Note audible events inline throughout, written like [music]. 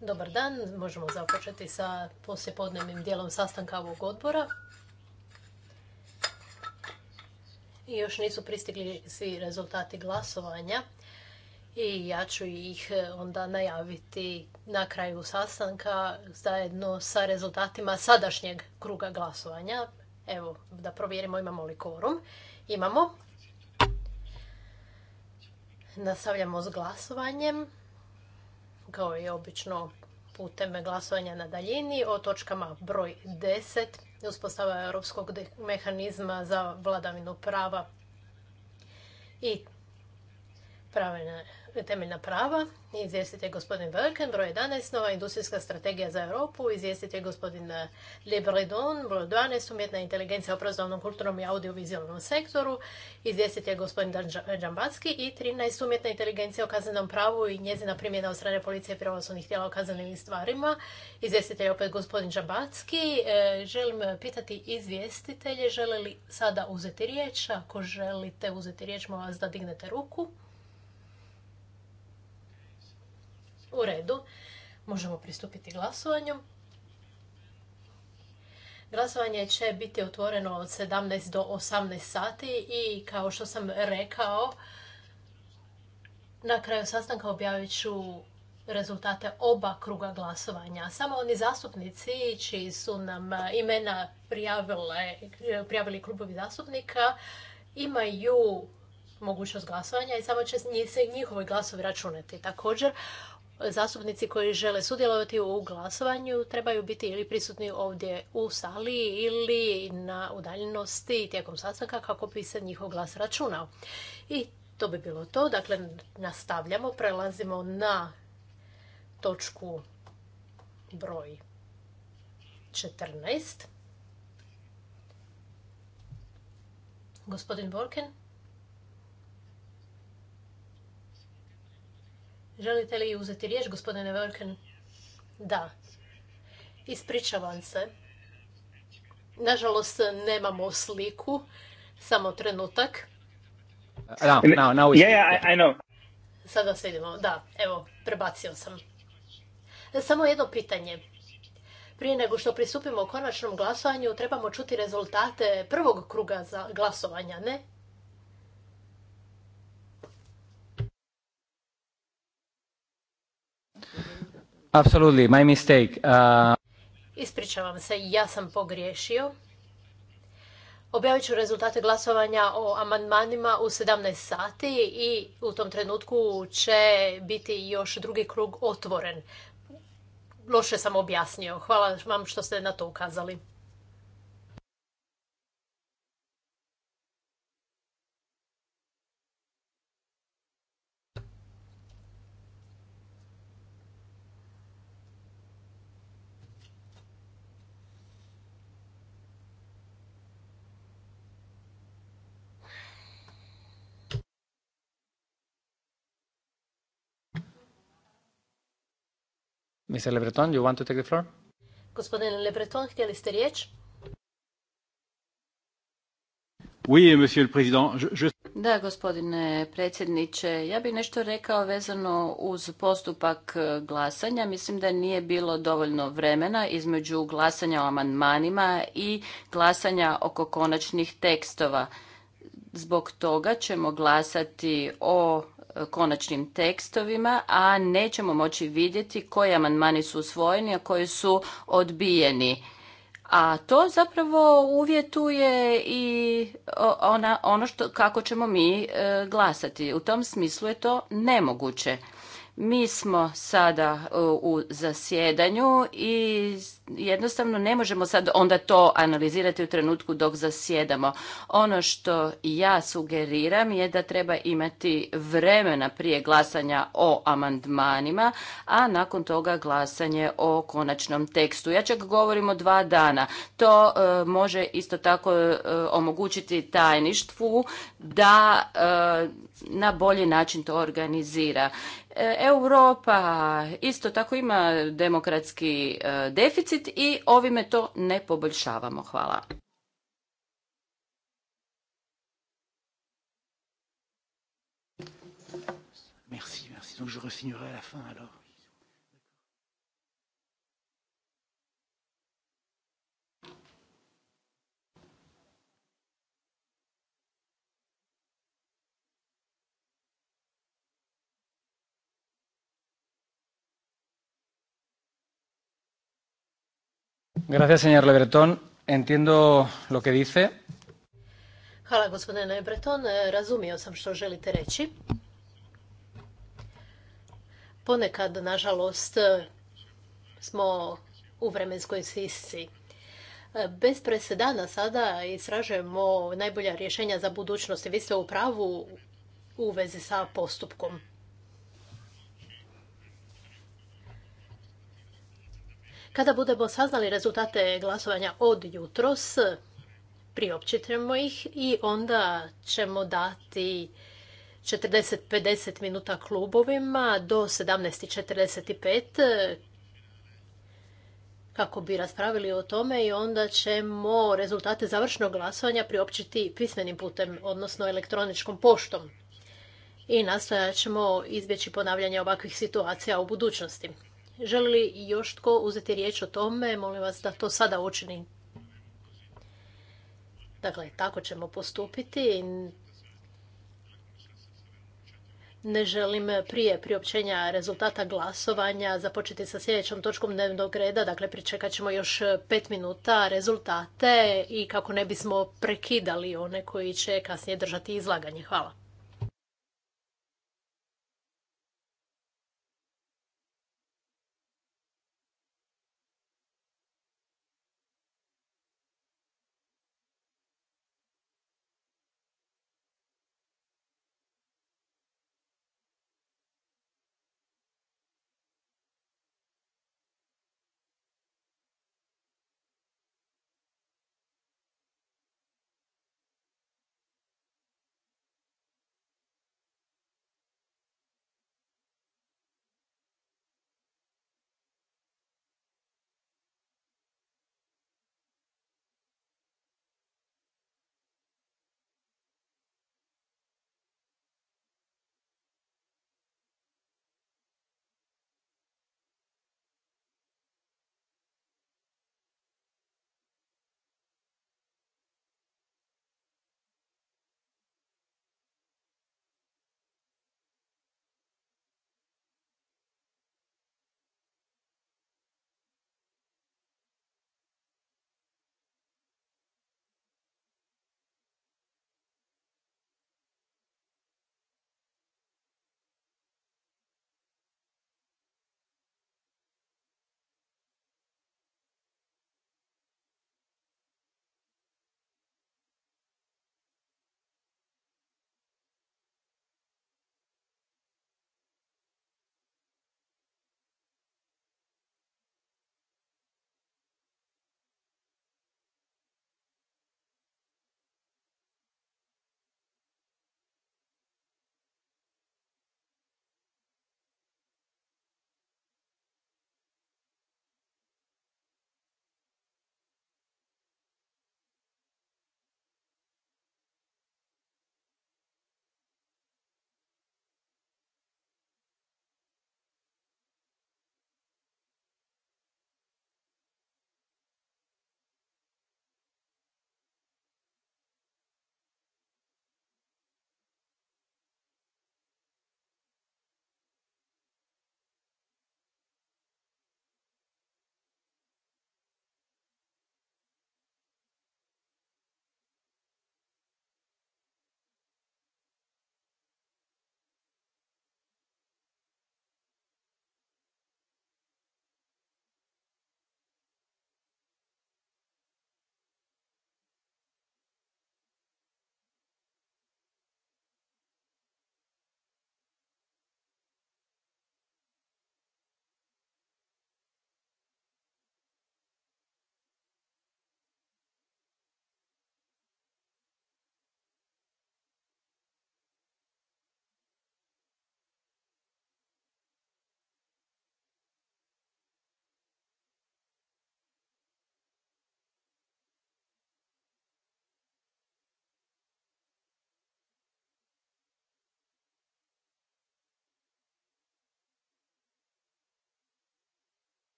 Dobar dan, možemo započeti sa poslijepodnevnim dijelom sastanka ovog odbora. još nisu pristigli svi rezultati glasovanja i ja ću ih e, onda najaviti na kraju sastanka zajedno sa rezultatima sadašnjeg kruga glasovanja. Evo, da provjerimo imamo li korum. Imamo. Nastavljamo s glasovanjem kao i obično putem glasovanja na daljini o točkama broj 10 uspostava europskog mehanizma za vladavinu prava i pravilne temeljna prava. je gospodin Verken, broj 11, nova industrijska strategija za Europu. je gospodin eh, Lebredon, broj 12, umjetna inteligencija u obrazovnom, kulturnom i audiovizualnom sektoru. je gospodin Džambacki i 13, umjetna inteligencija o kaznenom pravu i njezina primjena od strane policije i pravosudnih tijela o kaznenim stvarima. Izvjestitelj opet gospodin Džambacki. Eh, želim pitati izvjestitelje, žele li sada uzeti riječ? Ako želite uzeti riječ, molim vas da dignete ruku. U redu. Možemo pristupiti glasovanju. Glasovanje će biti otvoreno od 17 do 18 sati i kao što sam rekao, na kraju sastanka objavit ću rezultate oba kruga glasovanja. Samo oni zastupnici čiji su nam imena prijavili klubovi zastupnika imaju mogućnost glasovanja i samo će se njihovi glasovi računati. Također, zastupnici koji žele sudjelovati u glasovanju trebaju biti ili prisutni ovdje u sali ili na udaljenosti tijekom sastanka kako bi se njihov glas računao. I to bi bilo to. Dakle, nastavljamo, prelazimo na točku broj 14. Gospodin Borken. Želite li uzeti riječ, gospodine Velken? Da. Ispričavam se. Nažalost, nemamo sliku. Samo trenutak. Sada se idemo. Da, evo, prebacio sam. Samo jedno pitanje. Prije nego što pristupimo konačnom glasovanju, trebamo čuti rezultate prvog kruga za glasovanja, ne? Absolutely, my mistake. Uh, Ispričavam se, ja sam pogriješio. Objavit ću rezultate glasovanja o amandmanima u 17 sati i u tom trenutku će biti još drugi krug otvoren. Loše sam objasnio. Hvala vam što ste na to ukazali. Mr. you want to take the floor? Gospodine Le htjeli ste riječ? Oui, monsieur le président. je... Da, gospodine predsjedniče, ja bih nešto rekao vezano uz postupak e, glasanja. Mislim da nije bilo dovoljno vremena između glasanja o amandmanima i glasanja oko konačnih tekstova. Zbog toga ćemo glasati o konačnim tekstovima, a nećemo moći vidjeti koji amandmani su usvojeni, a koji su odbijeni. A to zapravo uvjetuje i ono kako ćemo mi e, glasati. U tom smislu je to nemoguće. Mi smo sada e, u zasjedanju i jednostavno ne možemo sad onda to analizirati u trenutku dok zasjedamo. Ono što ja sugeriram je da treba imati vremena prije glasanja o amandmanima, a nakon toga glasanje o konačnom tekstu. Ja čak govorim o dva dana. To e, može isto tako e, omogućiti tajništvu da na bolji način to organizira Europa isto tako ima demokratski e, deficit i ovime to ne poboljšavamo. Hvala. Merci, merci. Donc je à la fin alors. Gracias, Hvala, gospodine Breton. E, razumio sam što želite reći. Ponekad, nažalost, e, smo u vremenskoj sisci. E, bez presedana sada istražujemo najbolja rješenja za budućnost. Vi ste u pravu u vezi sa postupkom. Kada budemo saznali rezultate glasovanja od jutros, priopćitemo ih i onda ćemo dati 40-50 minuta klubovima do 17.45 kako bi raspravili o tome i onda ćemo rezultate završnog glasovanja priopćiti pismenim putem, odnosno elektroničkom poštom. I nastojat ćemo izbjeći ponavljanje ovakvih situacija u budućnosti. Želi li još tko uzeti riječ o tome? Molim vas da to sada učini. Dakle, tako ćemo postupiti. Ne želim prije priopćenja rezultata glasovanja započeti sa sljedećom točkom dnevnog reda. Dakle, pričekat ćemo još pet minuta rezultate i kako ne bismo prekidali one koji će kasnije držati izlaganje. Hvala.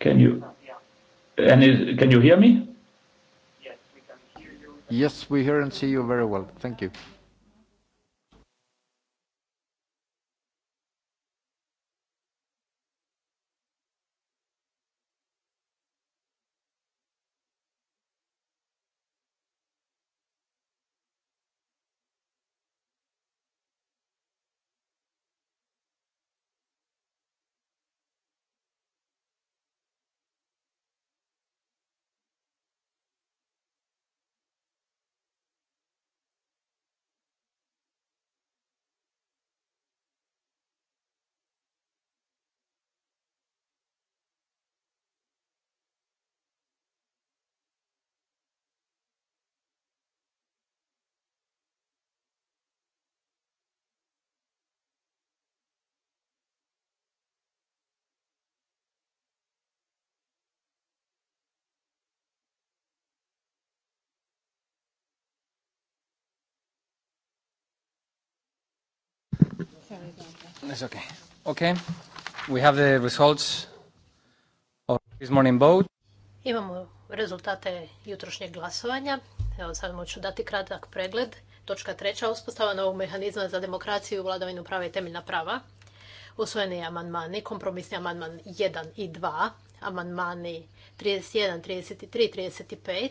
Can you and is, can you hear me? Yes, we can hear you. Yes, we hear and see you very well. Thank you. It's okay. Okay. We have the results of this morning vote. Imamo rezultate jutrošnjeg glasovanja. Evo samo ću dati kratak pregled. Točka treća, uspostava novog mehanizma za demokraciju, i vladavinu prava i temeljna prava. Usvojeni amandmani, kompromisni amandman 1 i 2, amandmani 31, 33, 35,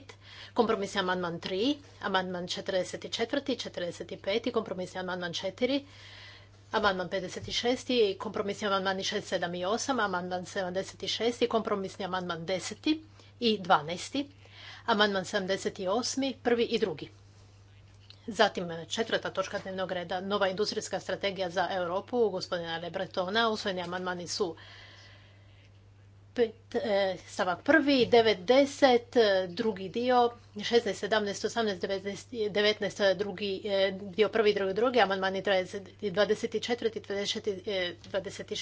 kompromisni amandman 3, amandman 44, 45 i kompromisni amandman 4, Amandman 56. kompromisni amandmani 6, 7 i 8, amandman 76. kompromisni amandman 10. i 12. Amandman 78. prvi i drugi. Zatim četvrta točka dnevnog reda, nova industrijska strategija za Europu, gospodina Lebretona. Usvojeni amandmani su E, stavak prvi, 90, e, drugi dio, 16, 17, 18, 19, 19 drugi e, dio prvi, drugi, drugi, amandmani 24, 26, 33, 35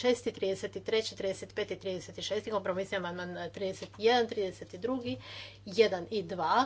36, kompromisni amandman 31, 32, 1 i 2,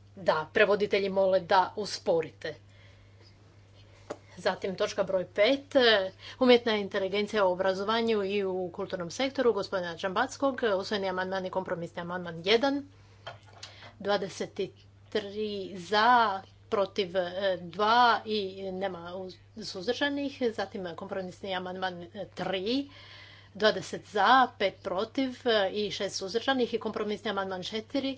Da, prevoditelji mole da usporite. Zatim točka broj pet. Umjetna inteligencija u obrazovanju i u kulturnom sektoru gospodina Čambackog. Usvojeni amandman i kompromisni amandman 1. 23 za, protiv 2 e, i nema suzdržanih. Zatim kompromisni amandman 3. 20 za, 5 protiv e, i šest suzdržanih i kompromisni amandman četiri.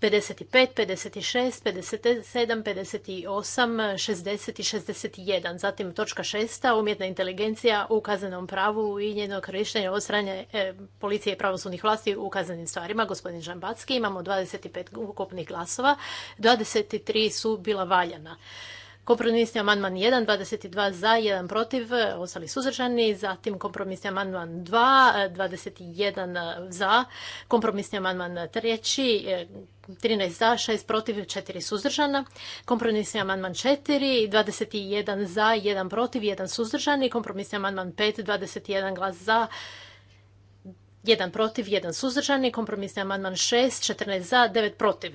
55, 56, 57, 58, 60 i 61. Zatim točka šesta, umjetna inteligencija u kaznenom pravu i njeno korištenje od strane e, policije i pravosudnih vlasti u kaznenim stvarima. Gospodin Žambacki, imamo 25 ukupnih glasova, 23 su bila valjana. Kompromisni amandman 1, 22 za, 1 protiv, ostali suzdržani. Zatim kompromisni amandman 2, 21 za. Kompromisni amandman 3, 13 za, 6 protiv, 4 suzdržana. Kompromisni amandman 4, 21 za, 1 protiv, 1 suzdržani. Kompromisni amandman 5, 21 glas za, 1 protiv, 1 suzdržani. Kompromisni amandman 6, 14 za, 9 protiv.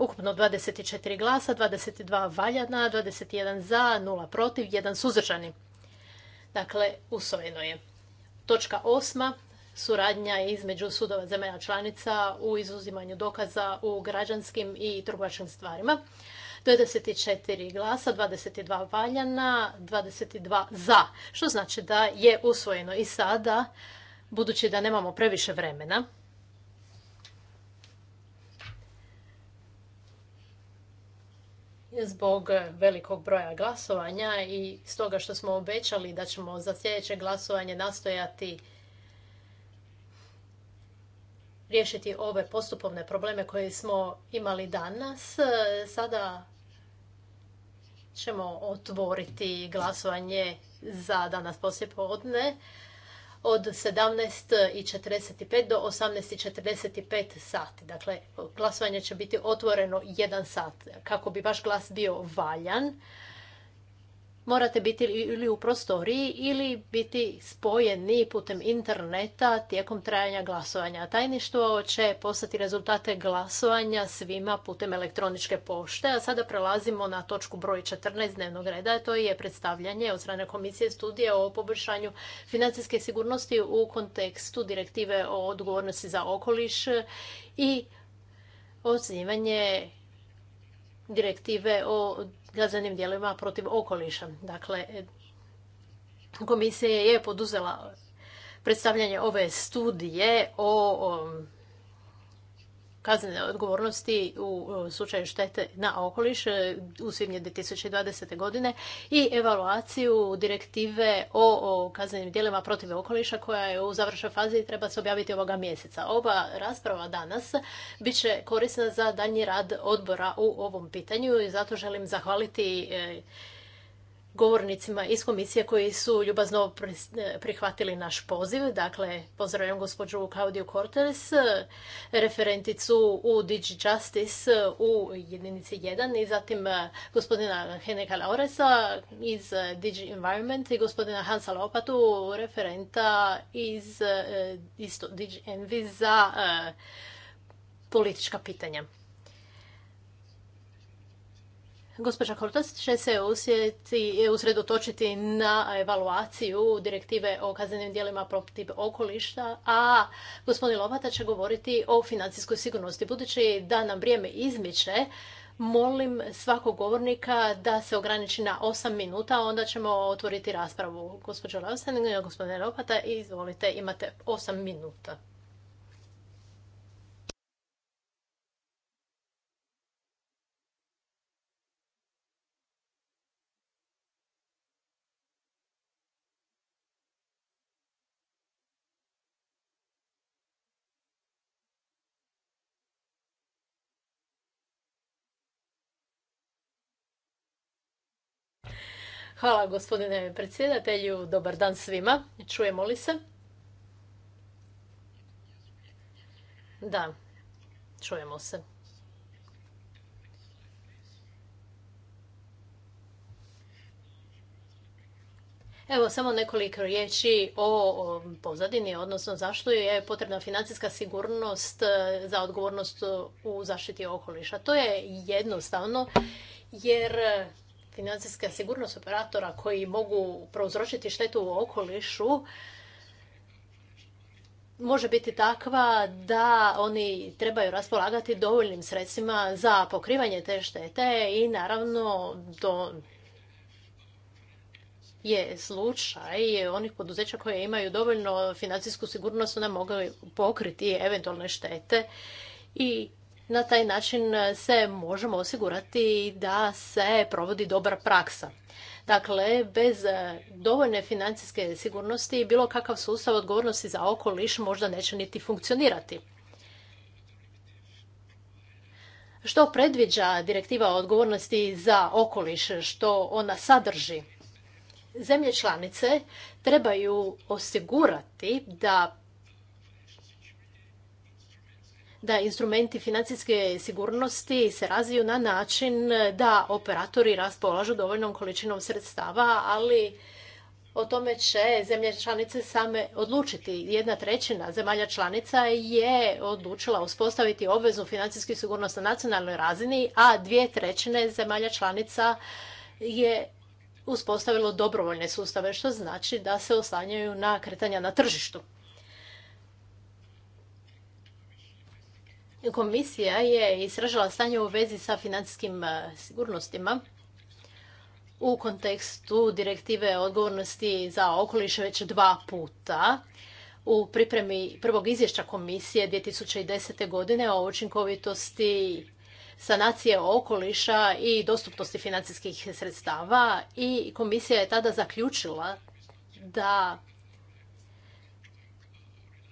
Ukupno 24 glasa, 22 valjana, 21 za, 0 protiv, 1 suzdržani. Dakle, usvojeno je. Točka osma, suradnja između sudova zemalja članica u izuzimanju dokaza u građanskim i trgovačkim stvarima. 24 glasa, 22 valjana, 22 za, što znači da je usvojeno i sada, budući da nemamo previše vremena. zbog e, velikog broja glasovanja i stoga što smo obećali da ćemo za sljedeće glasovanje nastojati riješiti ove postupovne probleme koje smo imali danas. E, sada ćemo otvoriti glasovanje za danas poslije od 17.45 do 18.45 sati. Dakle, glasovanje će biti otvoreno jedan sat. Kako bi vaš glas bio valjan, morate biti ili u prostoriji ili biti spojeni putem interneta tijekom trajanja glasovanja. Tajništvo će poslati rezultate glasovanja svima putem elektroničke pošte. A sada prelazimo na točku broj 14 dnevnog reda. To je predstavljanje od strane Komisije studije o poboljšanju financijske sigurnosti u kontekstu direktive o odgovornosti za okoliš i osnivanje direktive o kaznenim dijelima protiv okoliša. Dakle, komisija je poduzela predstavljanje ove studije o kaznene odgovornosti u slučaju štete na okoliš e, u svibnju 2020. godine i evaluaciju direktive o, kaznenim djelima protiv okoliša koja je u završnoj fazi i treba se objaviti ovoga mjeseca. Ova rasprava danas bit će korisna za daljnji rad odbora u ovom pitanju i zato želim zahvaliti e, govornicima iz komisije koji su ljubazno e, prihvatili naš poziv. Dakle, pozdravljam gospođu Claudio Cortez, referenticu u Digi Justice u jedinici 1 i zatim e, gospodina Heneka Laureza iz e, Digi Environment i gospodina Hansa Lopatu, referenta iz Digi Envy za politička pitanja. Gospođa Hortas će se usjeti, usredotočiti na evaluaciju direktive o kaznenim djelima protiv okolišta, a gospodin Lopata će govoriti o financijskoj sigurnosti. Budući da nam vrijeme izmiče, molim svakog govornika da se ograniči na 8 minuta, onda ćemo otvoriti raspravu. Gospođo Lausen, gospodine i izvolite, imate 8 minuta. Hvala gospodine predsjedatelju, dobar dan svima. Čujemo li se? Da, čujemo se. Evo samo nekoliko riječi o pozadini, odnosno zašto je potrebna financijska sigurnost e, za odgovornost u zaštiti okoliša. To je jednostavno jer financijska sigurnost operatora koji mogu prouzročiti štetu u okolišu može biti takva da oni trebaju raspolagati dovoljnim sredstvima za pokrivanje te štete i naravno to je slučaj onih poduzeća koje imaju dovoljno financijsku sigurnost, da mogu pokriti eventualne štete i na taj način e, se možemo osigurati da se provodi dobra praksa. Dakle, bez e, dovoljne financijske sigurnosti bilo kakav sustav odgovornosti za okoliš možda neće niti funkcionirati. Što predviđa direktiva o odgovornosti za okoliš, što ona sadrži? Zemlje članice trebaju osigurati da da instrumenti financijske sigurnosti se razviju na način da operatori raspolažu dovoljnom količinom sredstava, ali o tome će zemlje članice same odlučiti. Jedna trećina zemalja članica je odlučila uspostaviti obvezu financijske sigurnost na nacionalnoj razini, a dvije trećine zemalja članica je uspostavilo dobrovoljne sustave, što znači da se oslanjaju na kretanja na tržištu. Komisija je istražila stanje u vezi sa financijskim e, sigurnostima u kontekstu direktive odgovornosti za okoliš već dva puta. U pripremi prvog izvješća komisije 2010. godine o učinkovitosti sanacije okoliša i dostupnosti financijskih sredstava i komisija je tada zaključila da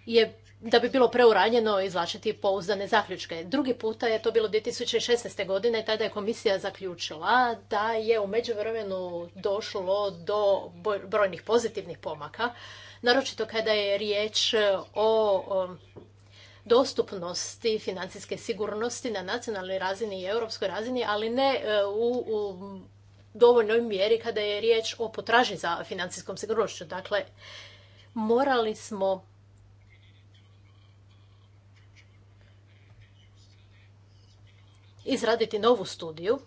je da bi bilo preuranjeno izvlačiti pouzdane zaključke. Drugi puta je to bilo 2016. godine, tada je komisija zaključila da je u međuvremenu došlo do brojnih pozitivnih pomaka, naročito kada je riječ o dostupnosti financijske sigurnosti na nacionalnoj razini i europskoj razini, ali ne e, u, u dovoljnoj mjeri kada je riječ o potraži za financijskom sigurnošću. Dakle, morali smo izraditi novu studiju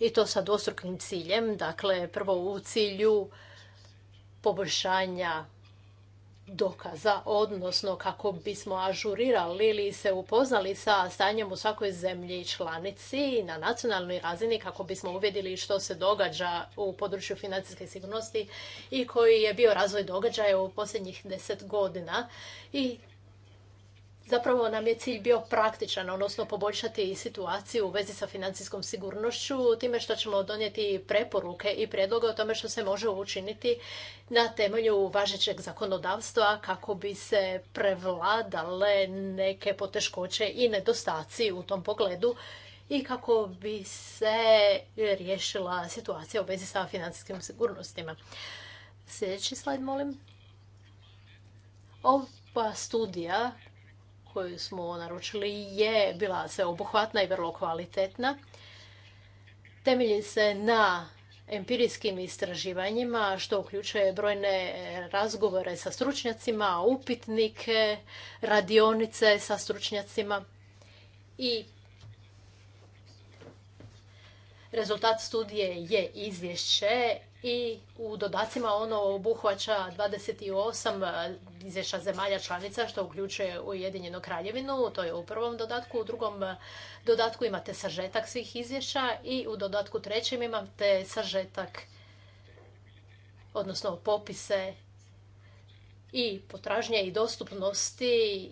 i to sa dvostrukim ciljem. Dakle, prvo u cilju poboljšanja dokaza, odnosno kako bismo ažurirali ili se upoznali sa stanjem u svakoj zemlji i članici na nacionalnoj razini kako bismo uvidjeli što se događa u području financijske sigurnosti i koji je bio razvoj događaja u posljednjih deset godina i Zapravo nam je cilj bio praktičan, odnosno poboljšati situaciju u vezi sa financijskom sigurnošću, time što ćemo donijeti preporuke i prijedloge o tome što se može učiniti na temelju važećeg zakonodavstva kako bi se prevladale neke poteškoće i nedostaci u tom pogledu i kako bi se riješila situacija u vezi sa financijskim sigurnostima. Sljedeći slajd, molim. Ova studija koju smo naručili je bila sveobuhvatna i vrlo kvalitetna. Temelji se na empirijskim istraživanjima, što uključuje brojne razgovore sa stručnjacima, upitnike, radionice sa stručnjacima i rezultat studije je izvješće i u dodacima ono obuhvaća 28 e, izvješća zemalja članica što uključuje Ujedinjenu kraljevinu. To je u prvom dodatku. U drugom e, dodatku imate sažetak svih izvješća i u dodatku trećem imate sažetak odnosno popise i potražnje i dostupnosti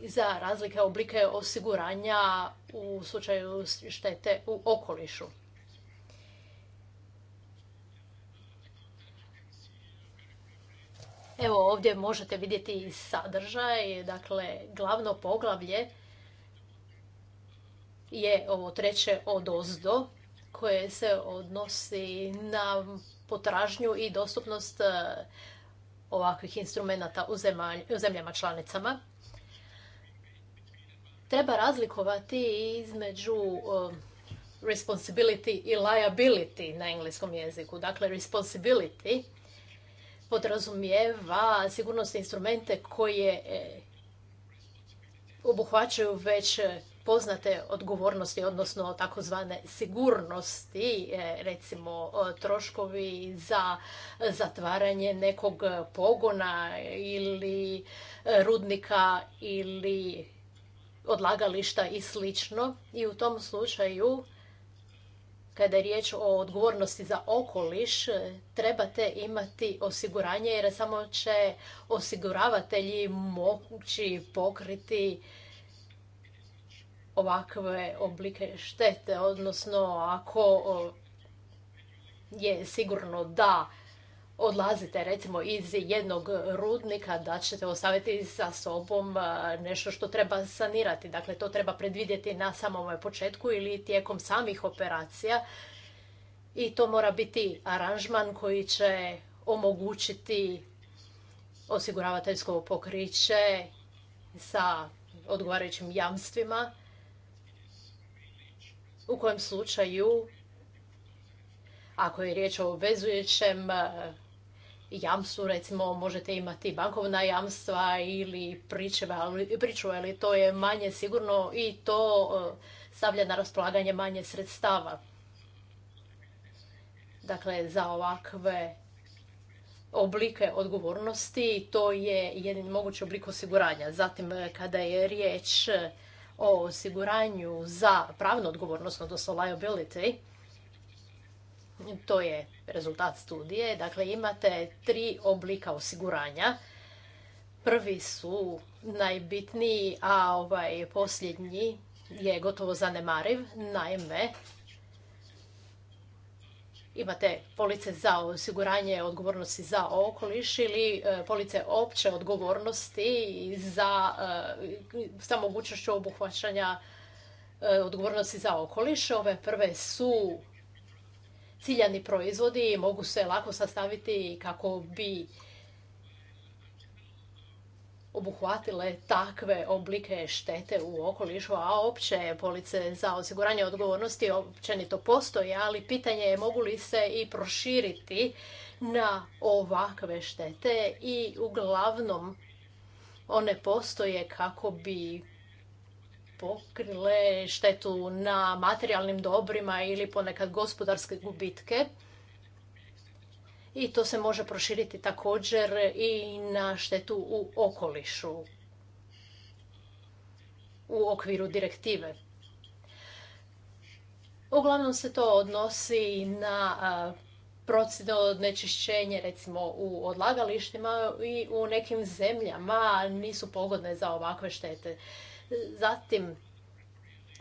za razlike oblike osiguranja u slučaju štete u okolišu. Evo ovdje možete vidjeti i sadržaj, dakle glavno poglavlje je ovo treće od koje se odnosi na potražnju i dostupnost e, ovakvih instrumenata u, u zemljama članicama. Treba razlikovati između e, responsibility i liability na engleskom jeziku. Dakle, responsibility podrazumijeva sigurnosne instrumente koje eh, obuhvaćaju već eh, poznate odgovornosti, odnosno takozvane sigurnosti, eh, recimo troškovi za zatvaranje nekog pogona ili rudnika ili odlagališta i slično. I u tom slučaju kada je riječ o odgovornosti za okoliš, trebate imati osiguranje jer samo će osiguravatelji mogući pokriti ovakve oblike štete, odnosno ako je sigurno da odlazite recimo iz jednog rudnika da ćete ostaviti sa sobom nešto što treba sanirati. Dakle, to treba predvidjeti na samom početku ili tijekom samih operacija i to mora biti aranžman koji će omogućiti osiguravateljsko pokriće sa odgovarajućim jamstvima u kojem slučaju ako je riječ o obvezujućem jamstvu, recimo možete imati bankovna jamstva ili pričuva ali to je manje sigurno i to e, stavlja na raspolaganje manje sredstava. Dakle, za ovakve oblike odgovornosti to je jedin mogući oblik osiguranja. Zatim, e, kada je riječ o osiguranju za pravnu odgovornost, odnosno liability, to je rezultat studije. Dakle, imate tri oblika osiguranja. Prvi su najbitniji, a ovaj posljednji je gotovo zanemariv. Naime, imate police za osiguranje odgovornosti za okoliš ili e, police opće odgovornosti za, e, sa mogućnošću obuhvaćanja e, odgovornosti za okoliš. Ove prve su ciljani proizvodi mogu se lako sastaviti kako bi obuhvatile takve oblike štete u okolišu, a opće police za osiguranje odgovornosti općenito postoje, ali pitanje je mogu li se i proširiti na ovakve štete i uglavnom one postoje kako bi pokrile štetu na materijalnim dobrima ili ponekad gospodarske gubitke. I to se može proširiti također i na štetu u okolišu u okviru direktive. Uglavnom se to odnosi na procjene onečišćenje recimo u odlagalištima i u nekim zemljama nisu pogodne za ovakve štete. Zatim,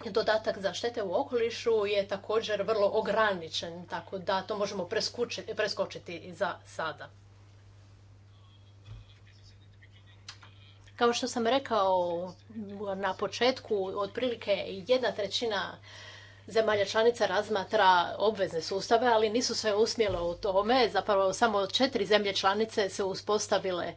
dodatak za štete u okolišu je također vrlo ograničen, tako da to možemo preskočiti za sada. Kao što sam rekao na početku, otprilike jedna trećina zemalja članica razmatra obvezne sustave, ali nisu se usmjele u tome. Zapravo samo četiri zemlje članice se uspostavile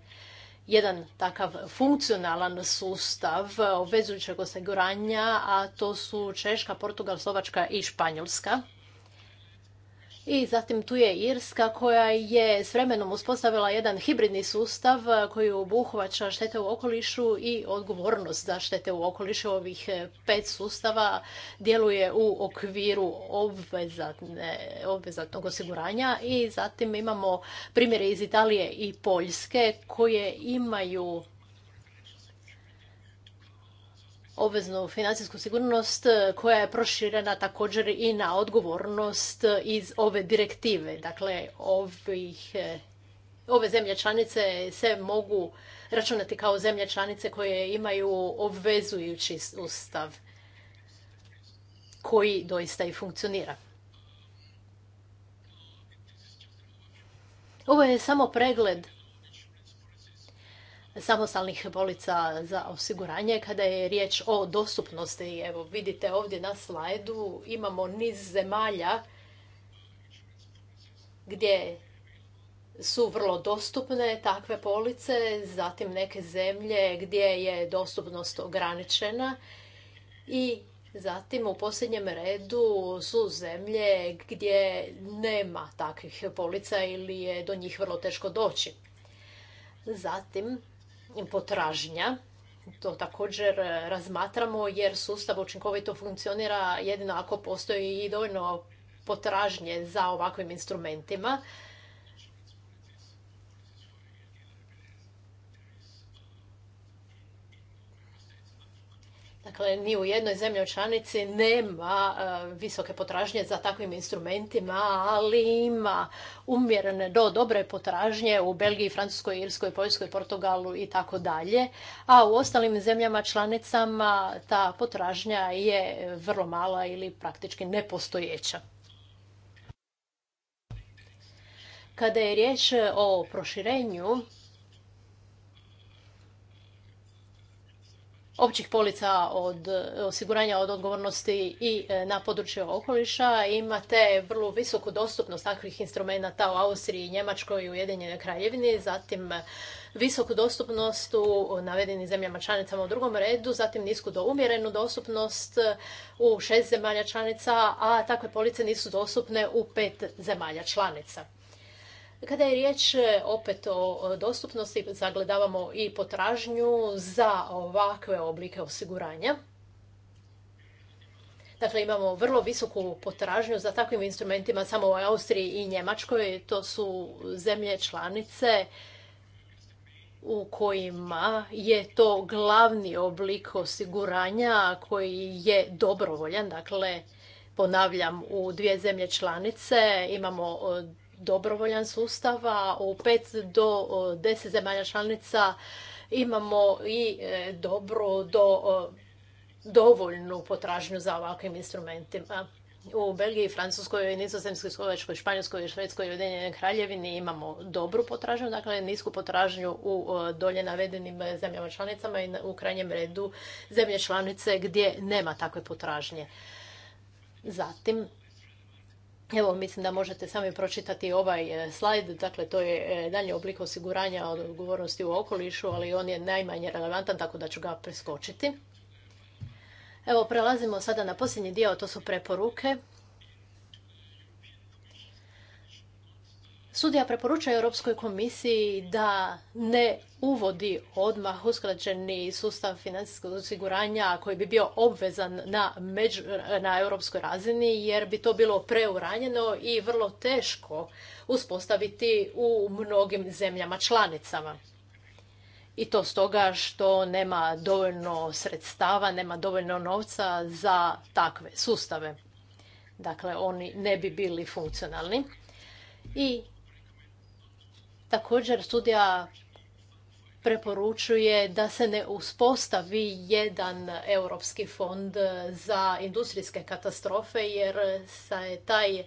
jedan takav funkcionalan sustav obvezujućeg osiguranja, a to su Češka, Portugal, Slovačka i Španjolska. I zatim tu je Irska koja je s vremenom uspostavila jedan hibridni sustav eh, koji obuhvaća štete u okolišu i odgovornost za štete u okolišu. Ovih eh, pet sustava djeluje u okviru obvezatne, obvezatnog osiguranja i zatim imamo primjere iz Italije i Poljske koje imaju obveznu financijsku sigurnost e, koja je proširena također i na odgovornost e, iz ove direktive. Dakle, e, ove zemlje članice se mogu računati kao zemlje članice koje imaju obvezujući ustav koji doista i funkcionira. Ovo je samo pregled samostalnih polica za osiguranje. Kada je riječ o dostupnosti, evo vidite ovdje na slajdu, imamo niz zemalja gdje su vrlo dostupne takve police, zatim neke zemlje gdje je dostupnost ograničena i zatim u posljednjem redu su zemlje gdje nema takvih polica ili je do njih vrlo teško doći. Zatim potražnja. To također e, razmatramo jer sustav učinkovito funkcionira jedino ako postoji i dovoljno potražnje za ovakvim instrumentima Dakle, ni u jednoj zemlji članici nema e, visoke potražnje za takvim instrumentima, ali ima umjerene do dobre potražnje u Belgiji, Francuskoj, Irskoj, Poljskoj, Portugalu i tako dalje. A u ostalim zemljama članicama ta potražnja je vrlo mala ili praktički nepostojeća. Kada je riječ o proširenju, općih polica od eh, osiguranja od odgovornosti i eh, na području okoliša. Imate vrlo visoku dostupnost takvih instrumenata u Austriji, Njemačkoj i Ujedinjenoj kraljevini, zatim eh, visoku dostupnost u navedenim zemljama članicama u drugom redu, zatim nisku do umjerenu dostupnost u šest zemalja članica, a takve police nisu dostupne u pet zemalja članica. Kada je riječ e, opet o dostupnosti, zagledavamo i potražnju za ovakve oblike osiguranja. Dakle, imamo vrlo visoku potražnju za takvim instrumentima samo u Austriji i Njemačkoj. To su zemlje članice u kojima je to glavni oblik osiguranja koji je dobrovoljan. Dakle, ponavljam, u dvije zemlje članice imamo e, dobrovoljan sustav, a u pet do deset zemalja članica imamo i e, dobro do dovoljnu potražnju za ovakvim instrumentima. U Belgiji, Francuskoj, Nizozemskoj, Slovačkoj, Španjolskoj, Švedskoj i Ujedinjenoj Kraljevini imamo dobru potražnju, dakle nisku potražnju u dolje navedenim zemljama članicama i u krajnjem redu zemlje članice gdje nema takve potražnje. Zatim, Evo, mislim da možete sami pročitati ovaj e, slajd, dakle to je e, dalje oblik osiguranja od odgovornosti u okolišu, ali on je najmanje relevantan, tako da ću ga preskočiti. Evo, prelazimo sada na posljednji dio, to su preporuke. Sudija preporučuje Europskoj komisiji da ne uvodi odmah usklađeni sustav financijskog osiguranja koji bi bio obvezan na, na europskoj razini jer bi to bilo preuranjeno i vrlo teško uspostaviti u mnogim zemljama članicama. I to stoga što nema dovoljno sredstava, nema dovoljno novca za takve sustave. Dakle, oni ne bi bili funkcionalni. I Također studija preporučuje da se ne uspostavi jedan europski fond za industrijske katastrofe jer se taj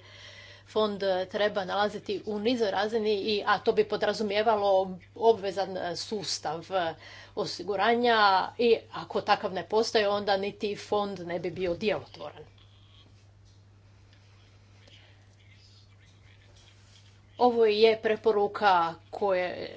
fond treba nalaziti u nizoj razini, a to bi podrazumijevalo obvezan sustav osiguranja i ako takav ne postoji onda niti fond ne bi bio djelotvoran. Ovo je preporuka koje e,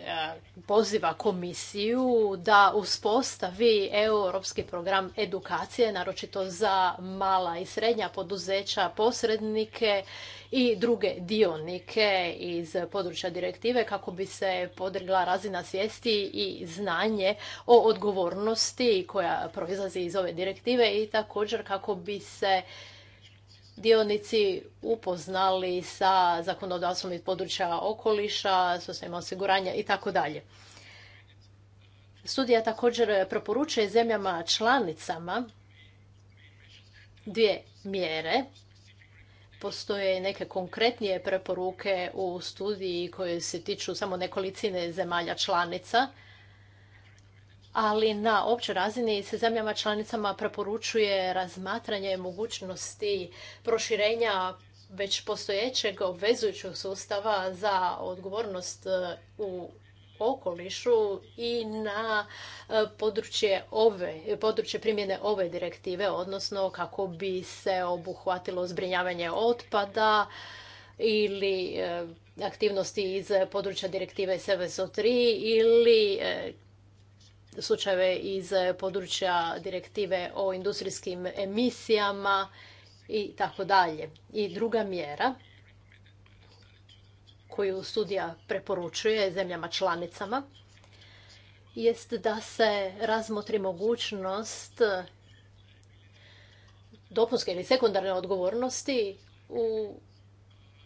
poziva komisiju da uspostavi europski program edukacije, naročito za mala i srednja poduzeća, posrednike i druge dionike iz područja direktive kako bi se podrgla razina svijesti i znanje o odgovornosti koja proizlazi iz ove direktive i također kako bi se dionici upoznali sa zakonodavstvom iz područja okoliša, sustavima osiguranja i tako dalje. Studija također preporučuje zemljama članicama dvije mjere. Postoje neke konkretnije preporuke u studiji koje se tiču samo nekolicine zemalja članica ali na općoj razini se zemljama članicama preporučuje razmatranje mogućnosti proširenja već postojećeg obvezujućeg sustava za odgovornost e, u okolišu i na e, područje, primjene ove direktive, odnosno kako bi se obuhvatilo zbrinjavanje otpada ili e, aktivnosti iz područja direktive seveso ili slučajeve iz područja direktive o industrijskim emisijama i tako dalje. I druga mjera koju studija preporučuje zemljama članicama jest da se razmotri mogućnost dopunske ili sekundarne odgovornosti u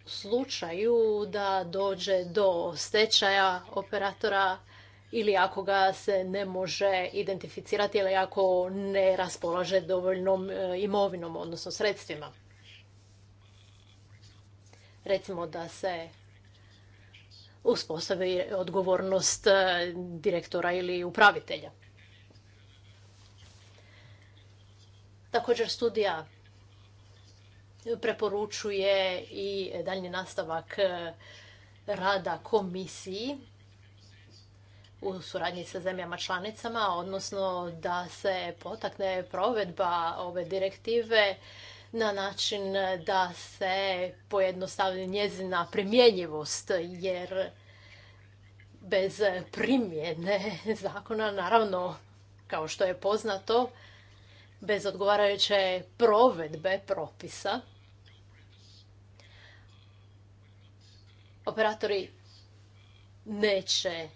slučaju da dođe do stečaja operatora ili ako ga se ne može identificirati ili ako ne raspolaže dovoljnom e, imovinom, odnosno sredstvima. Recimo da se uspostavi odgovornost e, direktora ili upravitelja. Također studija preporučuje i daljnji nastavak e, rada komisiji u suradnji sa zemljama članicama, odnosno da se potakne provedba ove direktive na način da se pojednostavlja njezina primjenjivost, jer bez primjene zakona, naravno, kao što je poznato, bez odgovarajuće provedbe propisa, operatori neće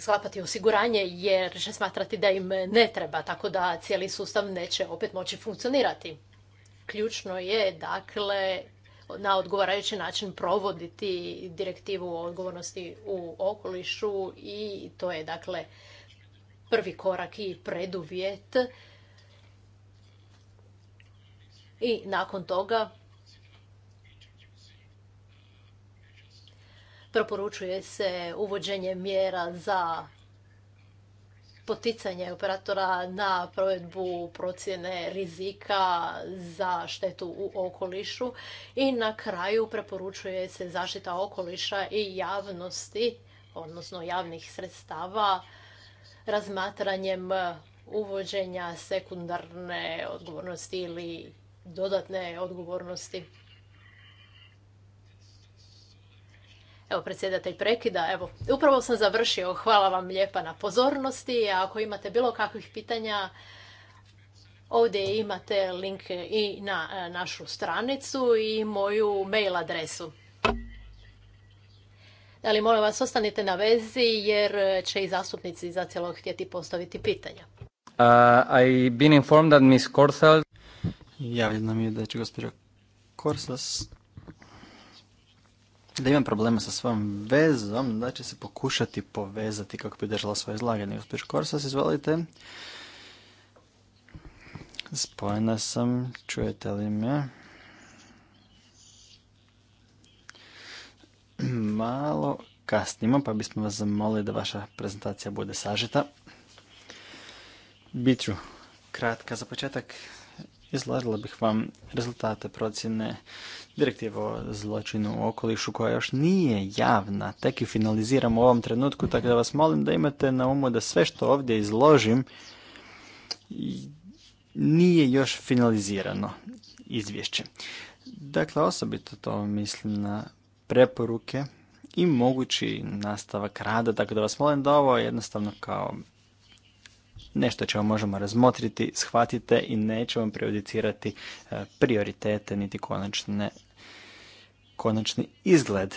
sklapati osiguranje jer će smatrati da im ne treba, tako da cijeli sustav neće opet moći funkcionirati. Ključno je, dakle, na odgovarajući način provoditi direktivu o odgovornosti u okolišu i to je, dakle, prvi korak i preduvjet. I nakon toga Preporučuje se uvođenje mjera za poticanje operatora na provedbu procjene rizika za štetu u okolišu i na kraju preporučuje se zaštita okoliša i javnosti, odnosno javnih sredstava razmatranjem uvođenja sekundarne odgovornosti ili dodatne odgovornosti. Evo, predsjedatelj prekida. Evo, upravo sam završio. Hvala vam lijepa na pozornosti. A ako imate bilo kakvih pitanja, ovdje imate link i na e, našu stranicu i moju mail adresu. li molim vas, ostanite na vezi jer će i zastupnici za cijelo htjeti postaviti pitanja. Uh, je da će gospođa Korsas da imam problema sa svojom vezom, da će se pokušati povezati kako bi držala svoje izlaganje. Uspješ Korsas, izvolite. Spojena sam, čujete li me? Malo kasnimo, pa bismo vas zamolili da vaša prezentacija bude sažeta. Biću kratka za početak. Izlažila bih vam rezultate procjene direktiva o zločinu u okolišu koja još nije javna. Tek ju finaliziramo u ovom trenutku, tako da vas molim da imate na umu da sve što ovdje izložim nije još finalizirano izvješće. Dakle, osobito to mislim na preporuke i mogući nastavak rada, tako da vas molim da ovo jednostavno kao nešto ćemo možemo razmotriti, shvatite i neću vam prejudicirati e, prioritete niti konačne, konačni izgled.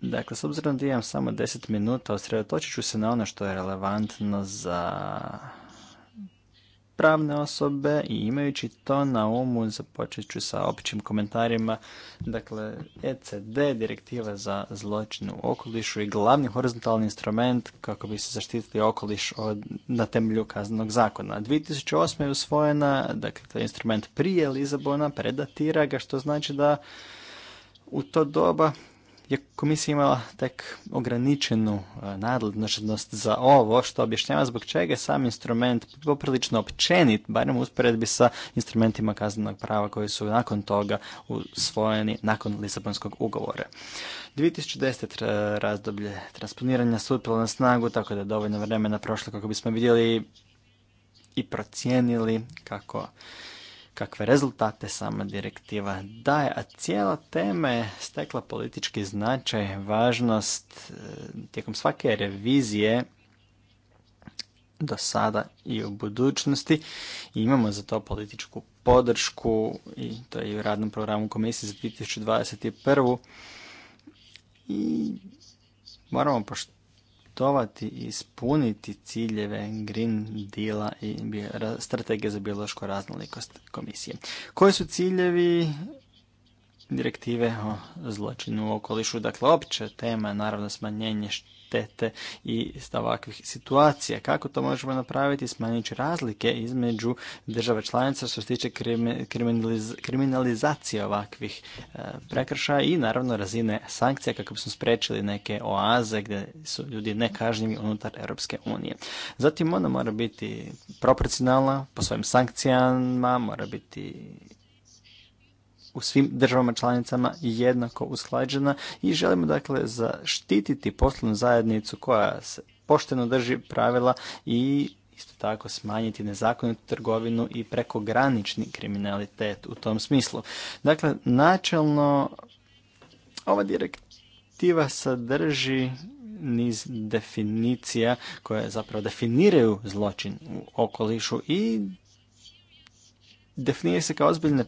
Dakle, s obzirom da imam samo 10 minuta, osredotočit ću se na ono što je relevantno za pravne osobe i imajući to na umu započet ću sa općim komentarima. Dakle, ECD, direktiva za zločinu u okolišu i glavni horizontalni instrument kako bi se zaštitili okoliš od, na temelju kaznenog zakona. 2008. je usvojena, dakle, to je instrument prije Lizabona, predatira ga, što znači da u to doba je komisija imala tek ograničenu e, nadležnost za ovo, što objašnjava zbog čega je sam instrument poprilično općenit, barem u usporedbi sa instrumentima kaznenog prava koji su nakon toga usvojeni nakon Lisabonskog ugovora. 2010. E, razdoblje transponiranja stupilo na snagu, tako da je dovoljno vremena prošlo kako bismo vidjeli i procijenili kako kakve rezultate sama direktiva daje, a cijela tema je stekla politički značaj, važnost e, tijekom svake revizije do sada i u budućnosti. I imamo za to političku podršku i to je i u radnom programu komisije za 2021. I moramo poštovati i ispuniti ciljeve Green Deala i strategije za biološku raznolikost komisije. Koji su ciljevi direktive o zločinu u okolišu? Dakle, opća tema je naravno smanjenje štete i ovakvih situacija. Kako to možemo napraviti? Smanjujući razlike između država članica što se tiče kriminalizacije ovakvih e, prekršaja i naravno razine sankcija kako bismo sprečili neke oaze gdje su ljudi nekažnjivi unutar Europske unije. Zatim ona mora biti proporcionalna po svojim sankcijama, mora biti u svim državama članicama jednako usklađena i želimo dakle zaštititi poslovnu zajednicu koja se pošteno drži pravila i isto tako smanjiti nezakonitu trgovinu i prekogranični kriminalitet u tom smislu. Dakle, načelno ova direktiva sadrži niz definicija koje zapravo definiraju zločin u okolišu i definira se kao ozbiljne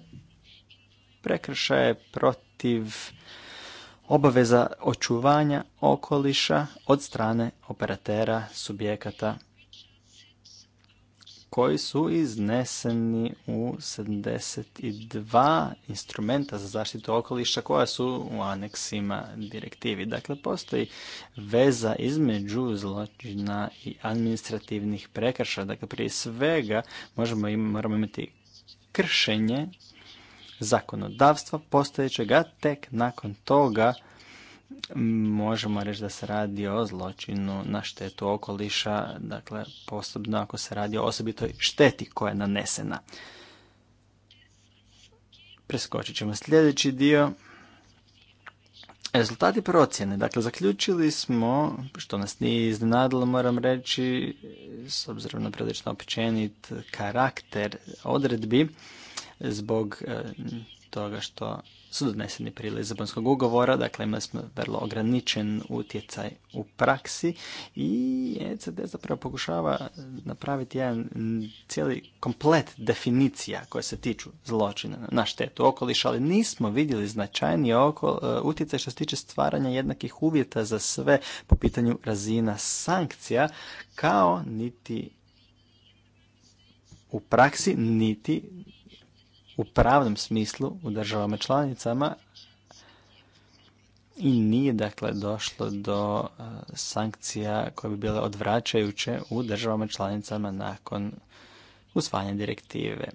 prekršaje protiv obaveza očuvanja okoliša od strane operatera subjekata koji su izneseni u 72 instrumenta za zaštitu okoliša koja su u aneksima direktivi. Dakle, postoji veza između zločina i administrativnih prekrša. Dakle, prije svega možemo moramo imati kršenje zakonodavstva postojećega, tek nakon toga možemo reći da se radi o zločinu na štetu okoliša, dakle posebno ako se radi o osobitoj šteti koja je nanesena. Preskočit ćemo sljedeći dio. Rezultati procjene. Dakle, zaključili smo, što nas nije iznenadilo, moram reći, s obzirom na prilično općenit karakter odredbi, zbog e, toga što su doneseni prije Lizabonskog ugovora, dakle imali smo vrlo ograničen utjecaj u praksi i ECD zapravo pokušava napraviti jedan cijeli komplet definicija koje se tiču zločina na štetu okoliša, ali nismo vidjeli značajni e, utjecaj što se tiče stvaranja jednakih uvjeta za sve po pitanju razina sankcija, kao niti u praksi, niti u pravnom smislu u državama članicama i nije dakle došlo do e, sankcija koje bi bile odvraćajuće u državama članicama nakon usvajanja direktive.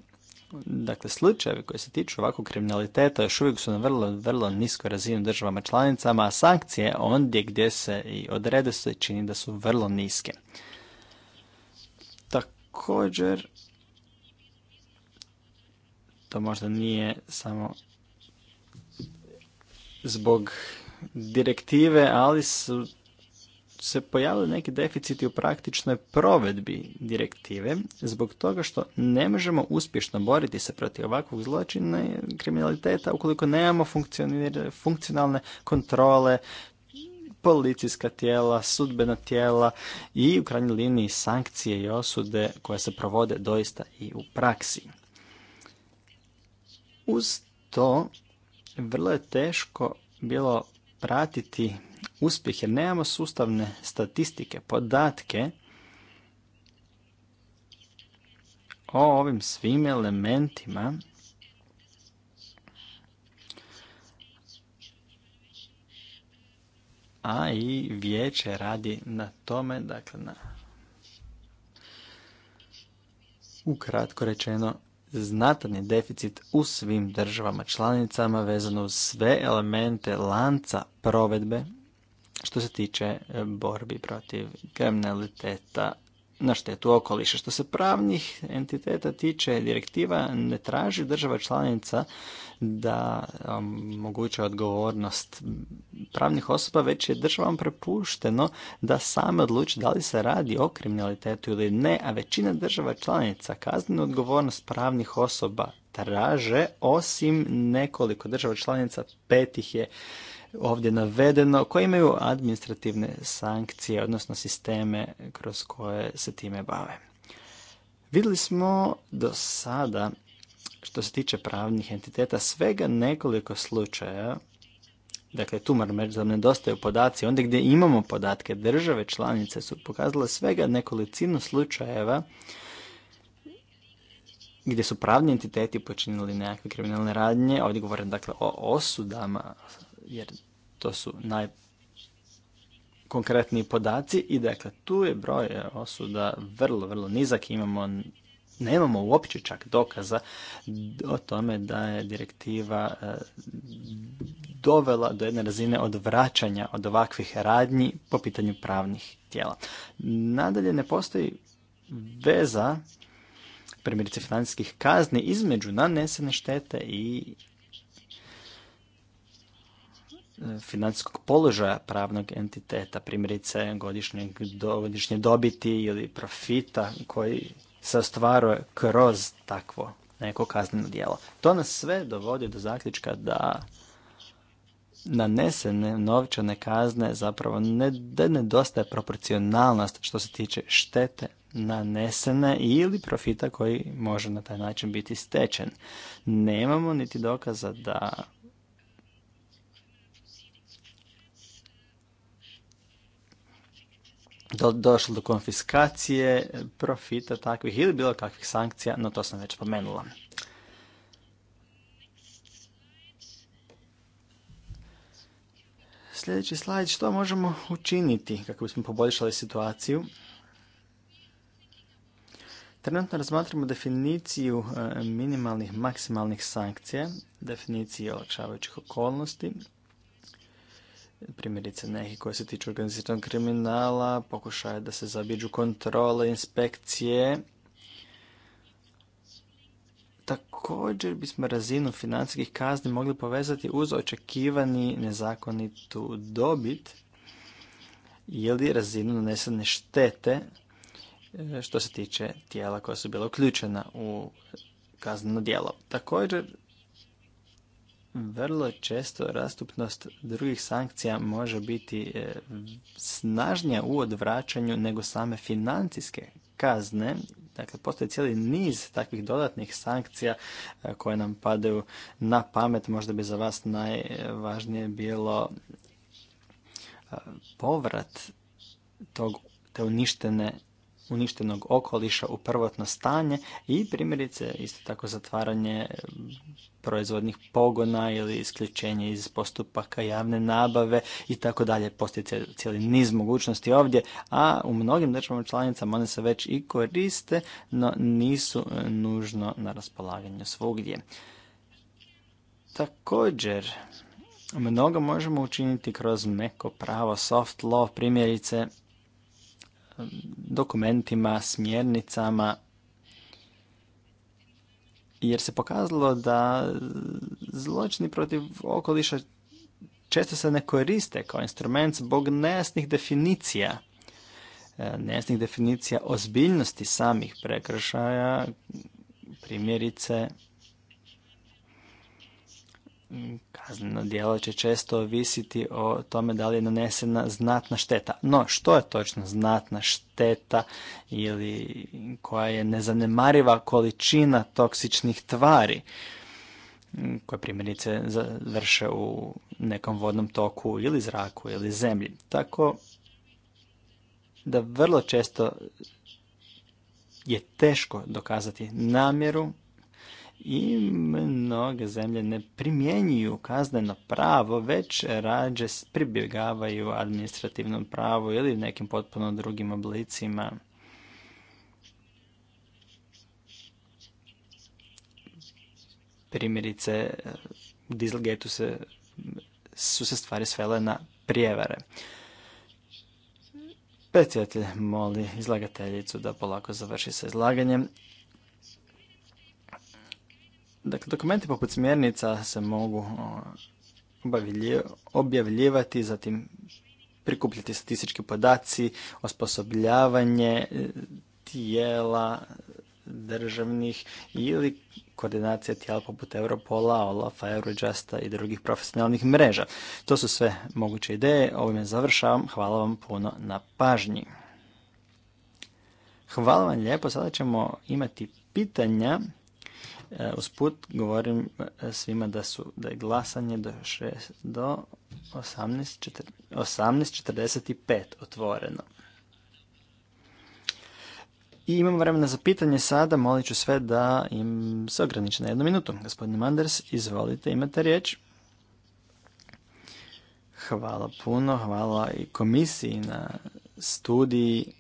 Dakle, slučajevi koji se tiču ovakvog kriminaliteta još uvijek su na vrlo, vrlo nisko razinu državama članicama, a sankcije ondje gdje se i odrede se čini da su vrlo niske. Također, to možda nije samo zbog direktive, ali su se pojavili neki deficiti u praktičnoj provedbi direktive zbog toga što ne možemo uspješno boriti se protiv ovakvog zločina i kriminaliteta ukoliko nemamo funkcionalne kontrole, policijska tijela, sudbena tijela i u krajnjoj liniji sankcije i osude koje se provode doista i u praksi. Uz to vrlo je teško bilo pratiti uspjeh jer nemamo sustavne statistike, podatke o ovim svim elementima a i vijeće radi na tome, dakle na ukratko rečeno znatan je deficit u svim državama članicama vezano uz sve elemente lanca provedbe što se tiče e, borbi protiv kriminaliteta na štetu okoliša. Što se pravnih entiteta tiče, direktiva ne traži država članica da um, moguće odgovornost pravnih osoba, već je državom prepušteno da same odluči da li se radi o kriminalitetu ili ne, a većina država članica kaznenu odgovornost pravnih osoba traže, osim nekoliko država članica, petih je ovdje navedeno koje imaju administrativne sankcije, odnosno sisteme kroz koje se time bave. Vidjeli smo do sada, što se tiče pravnih entiteta, svega nekoliko slučaja, dakle tu moram reći da nedostaju podaci, onda gdje imamo podatke države članice su pokazale svega nekolicinu slučajeva gdje su pravni entiteti počinili nekakve kriminalne radnje, ovdje govorim dakle o osudama, jer to su najkonkretniji podaci i dakle tu je broj osuda vrlo, vrlo nizak. Imamo, nemamo uopće čak dokaza o tome da je direktiva e, dovela do jedne razine odvraćanja od ovakvih radnji po pitanju pravnih tijela. Nadalje ne postoji veza primjerice financijskih kazni između nanesene štete i financijskog položaja pravnog entiteta, primjerice godišnje dobiti ili profita koji se ostvaruje kroz takvo neko kazneno djelo. To nas sve dovodi do zaključka da nanesene novčane kazne zapravo ne, da nedostaje proporcionalnost što se tiče štete nanesene ili profita koji može na taj način biti stečen. Nemamo niti dokaza da do, došlo do konfiskacije eh, profita takvih ili bilo kakvih sankcija, no to sam već pomenula. Sljedeći slajd, što možemo učiniti kako bismo poboljšali situaciju? Trenutno razmatramo definiciju eh, minimalnih, maksimalnih sankcija, definiciju olakšavajućih okolnosti, primjerice neki koji se tiču organizacijalnog kriminala, pokušaja da se zabiđu kontrole, inspekcije. Također bismo razinu financijskih kazni mogli povezati uz očekivani nezakonitu dobit ili razinu nanesene štete e, što se tiče tijela koja su bila uključena u kazneno djelo. Također vrlo često rastupnost drugih sankcija može biti e, snažnija u odvraćanju nego same financijske kazne. Dakle, postoji cijeli niz takvih dodatnih sankcija e, koje nam padaju na pamet. Možda bi za vas najvažnije bilo e, povrat tog, te uništene uništenog okoliša u prvotno stanje i primjerice isto tako zatvaranje proizvodnih pogona ili isključenje iz postupaka javne nabave i tako dalje. Postoji cijeli niz mogućnosti ovdje, a u mnogim državama članicama one se već i koriste, no nisu e, nužno na raspolaganju svugdje. Također, mnogo možemo učiniti kroz neko pravo, soft law, primjerice dokumentima, smjernicama, jer se pokazalo da zločini protiv okoliša često se ne koriste kao instrument zbog nejasnih definicija e, nejasnih definicija ozbiljnosti samih prekršaja, primjerice Mm, kazneno djelo će često ovisiti o tome da li je nanesena znatna šteta. No, što je točno znatna šteta ili koja je nezanemariva količina toksičnih tvari mm, koje primjerice završe u nekom vodnom toku ili zraku ili zemlji. Tako da vrlo često je teško dokazati namjeru i mnoge zemlje ne primjenjuju kazneno pravo, već rađe pribjegavaju administrativnom pravu ili nekim potpuno drugim oblicima. Primjerice, e, u se, su se stvari svele na prijevare. Predsjedatelj moli izlagateljicu da polako završi sa izlaganjem. Dakle, dokumenti poput smjernica se mogu objavljivati, zatim prikupljati statistički podaci, osposobljavanje e, tijela državnih ili koordinacija tijela poput Europola, Olafa, Eurojusta i drugih profesionalnih mreža. To su sve moguće ideje. Ovime završavam. Hvala vam puno na pažnji. Hvala vam lijepo. Sada ćemo imati pitanja E, usput govorim e, svima da su da je glasanje do, 6, do 18.45 otvoreno. I imamo vremena za pitanje sada, molit ću sve da im se ograniče na jednu minutu. Gospodin Manders, izvolite, imate riječ. Hvala puno, hvala i komisiji na studiji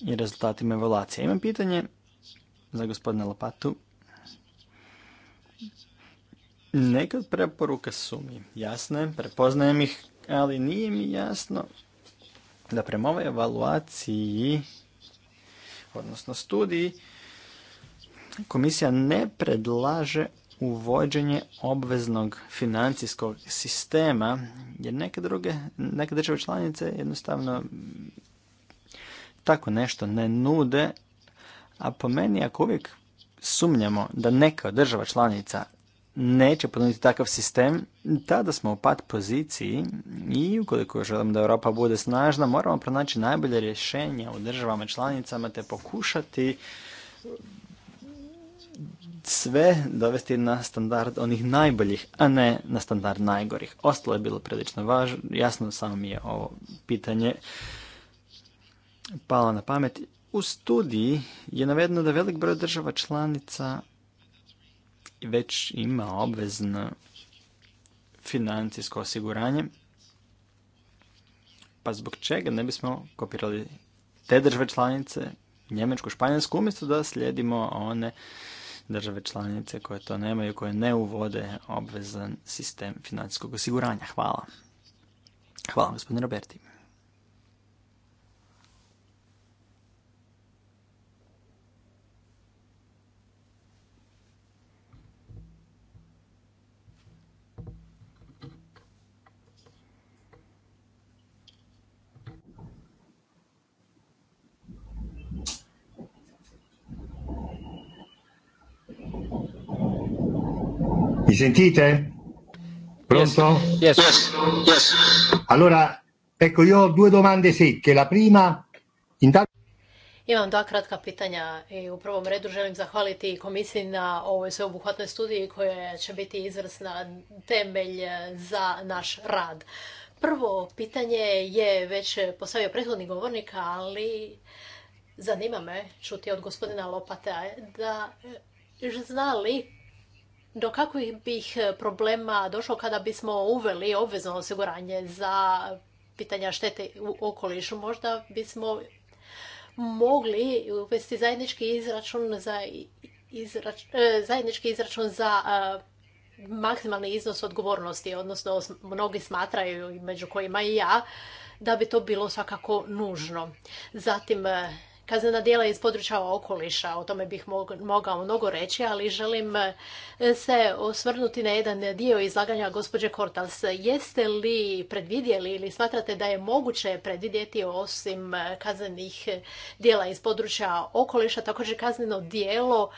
i rezultatima evaluacije. Imam pitanje za gospodina Lopatu. Neke od preporuka su mi jasne, prepoznajem ih, ali nije mi jasno da prema ovoj evaluaciji, odnosno studiji, komisija ne predlaže uvođenje obveznog financijskog sistema, jer neke druge, neke države članice jednostavno tako nešto ne nude, a po meni, ako uvijek sumnjamo da neka država članica neće ponuditi takav sistem, tada smo u pad poziciji i ukoliko želimo da Europa bude snažna, moramo pronaći najbolje rješenja u državama članicama te pokušati sve dovesti na standard onih najboljih, a ne na standard najgorih. Ostalo je bilo prilično važno, jasno samo mi je ovo pitanje palo na pamet u studiji je navedeno da velik broj država članica već ima obvezno financijsko osiguranje, pa zbog čega ne bismo kopirali te države članice, Njemačku, Španjolsku, umjesto da slijedimo one države članice koje to nemaju, koje ne uvode obvezan sistem financijskog osiguranja. Hvala. Hvala, gospodine Roberti. Mi sentite? Pronto? Yes. Yes. Yes. Allora, ecco, io due domande secche. La prima, intanto... Imam dva kratka pitanja i u prvom redu želim zahvaliti komisiji na ovoj sveobuhvatnoj studiji koja će biti izvrsna temelj za naš rad. Prvo pitanje je već postavio prethodni govornik, ali zanima me čuti od gospodina Lopata da zna li do kakvih bih e, problema došlo kada bismo uveli obvezno osiguranje za pitanja štete u okolišu? Možda bismo mogli uvesti zajednički izračun za e, zajednički izračun za e, maksimalni iznos odgovornosti, odnosno mnogi smatraju, među kojima i ja, da bi to bilo svakako nužno. Zatim, kaznena djela iz područja okoliša. O tome bih mogao mnogo reći, ali želim e, se osvrnuti na jedan dio izlaganja gospođe Kortals. Jeste li predvidjeli ili smatrate da je moguće predvidjeti osim e, kaznenih e, djela iz područja okoliša također kazneno djelo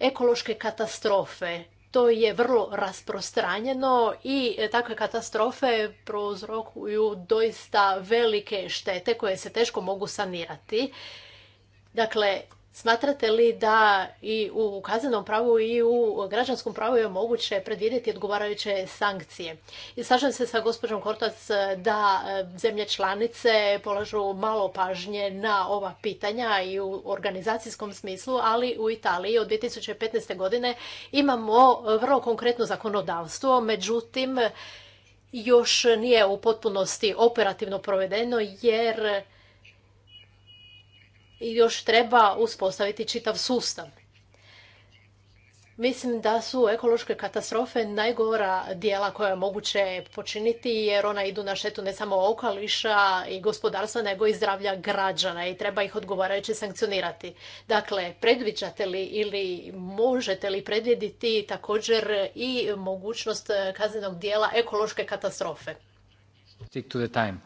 ekološke katastrofe? to je vrlo rasprostranjeno i e, takve katastrofe prouzrokuju doista velike štete koje se teško mogu sanirati. Dakle, Smatrate li da i u kaznenom pravu i u građanskom pravu je moguće predvidjeti odgovarajuće sankcije? I slažem se sa gospođom Kortac da e, zemlje članice polažu malo pažnje na ova pitanja i u organizacijskom smislu, ali u Italiji od 2015. godine imamo e, vrlo konkretno zakonodavstvo, međutim još nije u potpunosti operativno provedeno jer i još treba uspostaviti čitav sustav. Mislim da su ekološke katastrofe najgora dijela koja je moguće počiniti jer ona idu na šetu ne samo okoliša i gospodarstva nego i zdravlja građana i treba ih odgovarajuće sankcionirati. Dakle, predviđate li ili možete li predvidjeti također i mogućnost kaznenog dijela ekološke katastrofe? Stick to the time.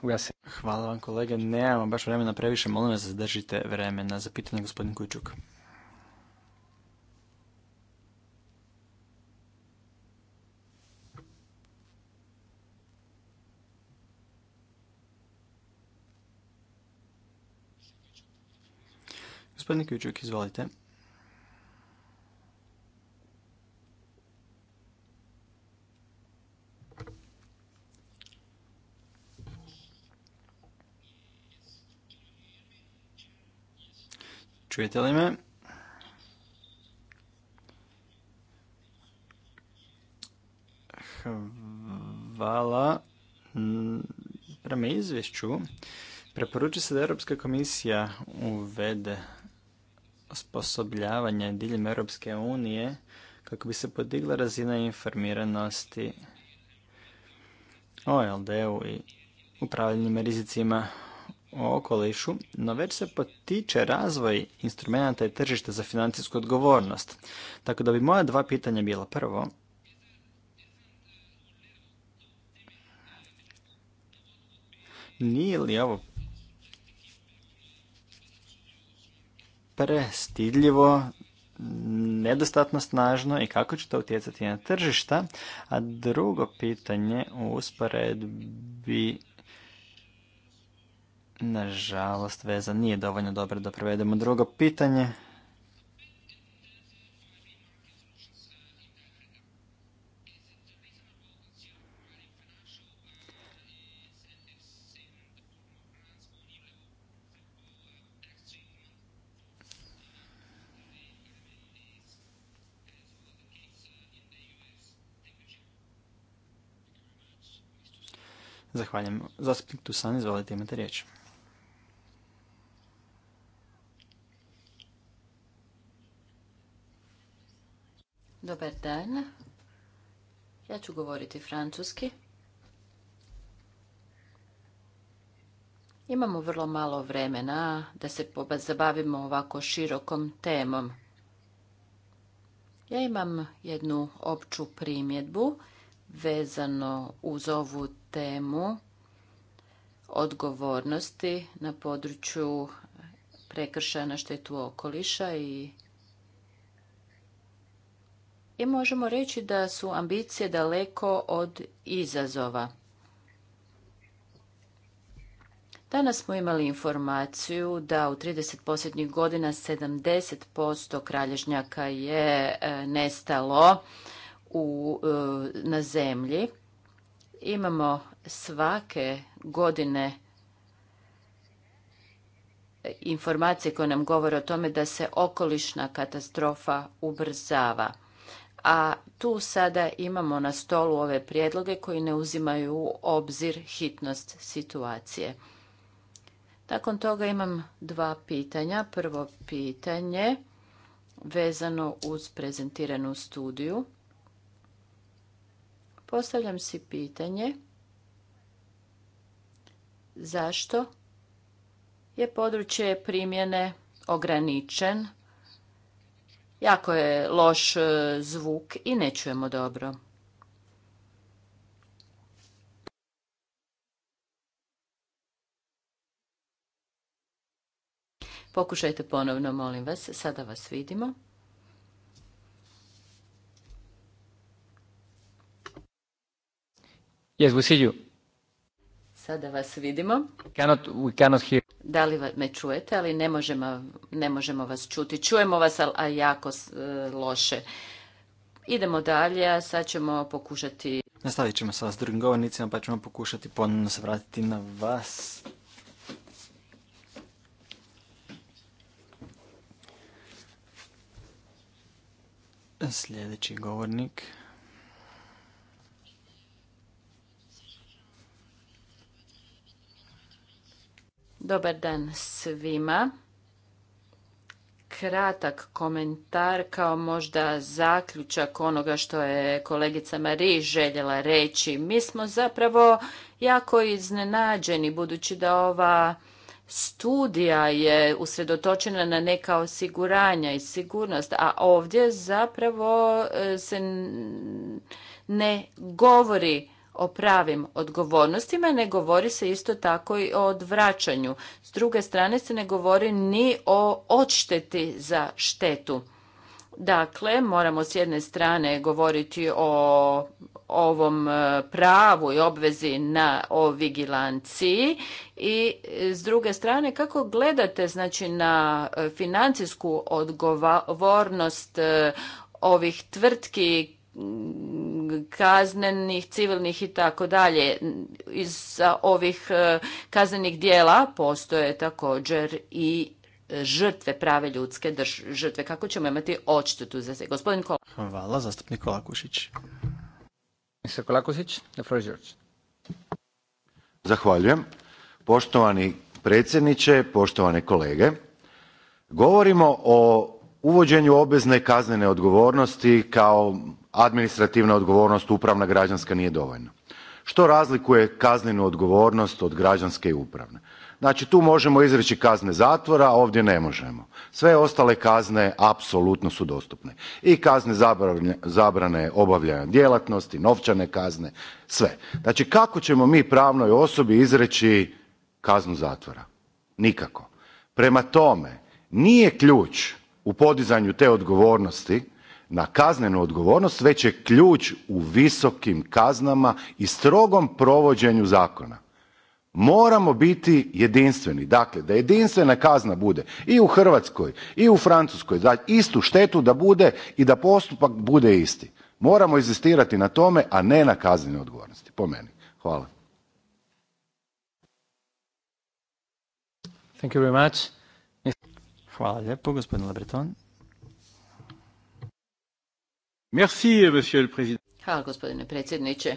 Hvala vam kolege, nemamo baš vremena previše, molim vas zadržite vremena za pitanje gospodin Kujčuk. Gospodin Kujčuk, izvolite. Čujete li me? Hvala. Prema izvješću preporučuje se da Europska komisija uvede osposobljavanje diljem Europske unije kako bi se podigla razina informiranosti o LD-u i upravljanjima rizicima o okolišu, no već se potiče razvoj instrumenta i tržišta za financijsku odgovornost. Tako da bi moja dva pitanja bila prvo. Nije li ovo prestidljivo, nedostatno snažno i kako će to utjecati na tržišta? A drugo pitanje u usporedbi Nažalost, veza nije dovoljno dobra da prevedemo drugo pitanje. Zahvaljujem. Zastupnik Tusan, izvolite, imate riječ. Dobar dan. Ja ću govoriti francuski. Imamo vrlo malo vremena da se zabavimo ovako širokom temom. Ja imam jednu opću primjedbu vezano uz ovu temu odgovornosti na području prekršaja na štetu okoliša i i možemo reći da su ambicije daleko od izazova. Danas smo imali informaciju da u 30 posljednjih godina 70% kralježnjaka je e, nestalo u, e, na zemlji. Imamo svake godine informacije koje nam govore o tome da se okolišna katastrofa ubrzava a tu sada imamo na stolu ove prijedloge koji ne uzimaju u obzir hitnost situacije. Nakon toga imam dva pitanja. Prvo pitanje vezano uz prezentiranu studiju. Postavljam si pitanje zašto je područje primjene ograničen Jako je loš e, zvuk i ne čujemo dobro. Pokušajte ponovno, molim vas. Sada vas vidimo. Yes, we Sada vas vidimo. Da li me čujete, ali ne možemo, vas čuti. Čujemo vas, ali jako e, loše. Idemo dalje, a sad ćemo pokušati... Nastavit ćemo sa vas drugim govornicima, pa ćemo pokušati ponovno se vratiti na vas. Sljedeći govornik... Dobar dan svima. Kratak komentar kao možda zaključak onoga što je kolegica Mari željela reći. Mi smo zapravo jako iznenađeni budući da ova studija je usredotočena na neka osiguranja i sigurnost, a ovdje zapravo e, se ne govori o pravim odgovornostima, ne govori se isto tako i o odvraćanju. S druge strane se ne govori ni o odšteti za štetu. Dakle, moramo s jedne strane govoriti o ovom e, pravu i obvezi na o vigilanciji i e, s druge strane kako gledate znači na e, financijsku odgovornost ovih tvrtki Mm, kaznenih, civilnih i tako dalje. Iz ovih e, kaznenih dijela postoje također i e, žrtve prave ljudske žrtve. Kako ćemo imati odštetu za se? Gospodin Hvala, zastupnik Kolakušić. Mr. Kolakušić, the Zahvaljujem. Poštovani predsjedniče, poštovane kolege, govorimo o uvođenju obezne kaznene odgovornosti kao administrativna odgovornost upravna građanska nije dovoljna što razlikuje kaznenu odgovornost od građanske i upravne znači tu možemo izreći kazne zatvora a ovdje ne možemo sve ostale kazne apsolutno su dostupne i kazne zabrane, zabrane obavljanja djelatnosti novčane kazne sve znači kako ćemo mi pravnoj osobi izreći kaznu zatvora nikako prema tome nije ključ u podizanju te odgovornosti na kaznenu odgovornost, već je ključ u visokim kaznama i strogom provođenju zakona. Moramo biti jedinstveni. Dakle, da jedinstvena kazna bude i u Hrvatskoj i u Francuskoj, da istu štetu da bude i da postupak bude isti. Moramo inzistirati na tome, a ne na kaznenoj odgovornosti, po meni. Hvala. Hvala lijepo, gospodin Labreton. Hvala, gospodine predsjedniče.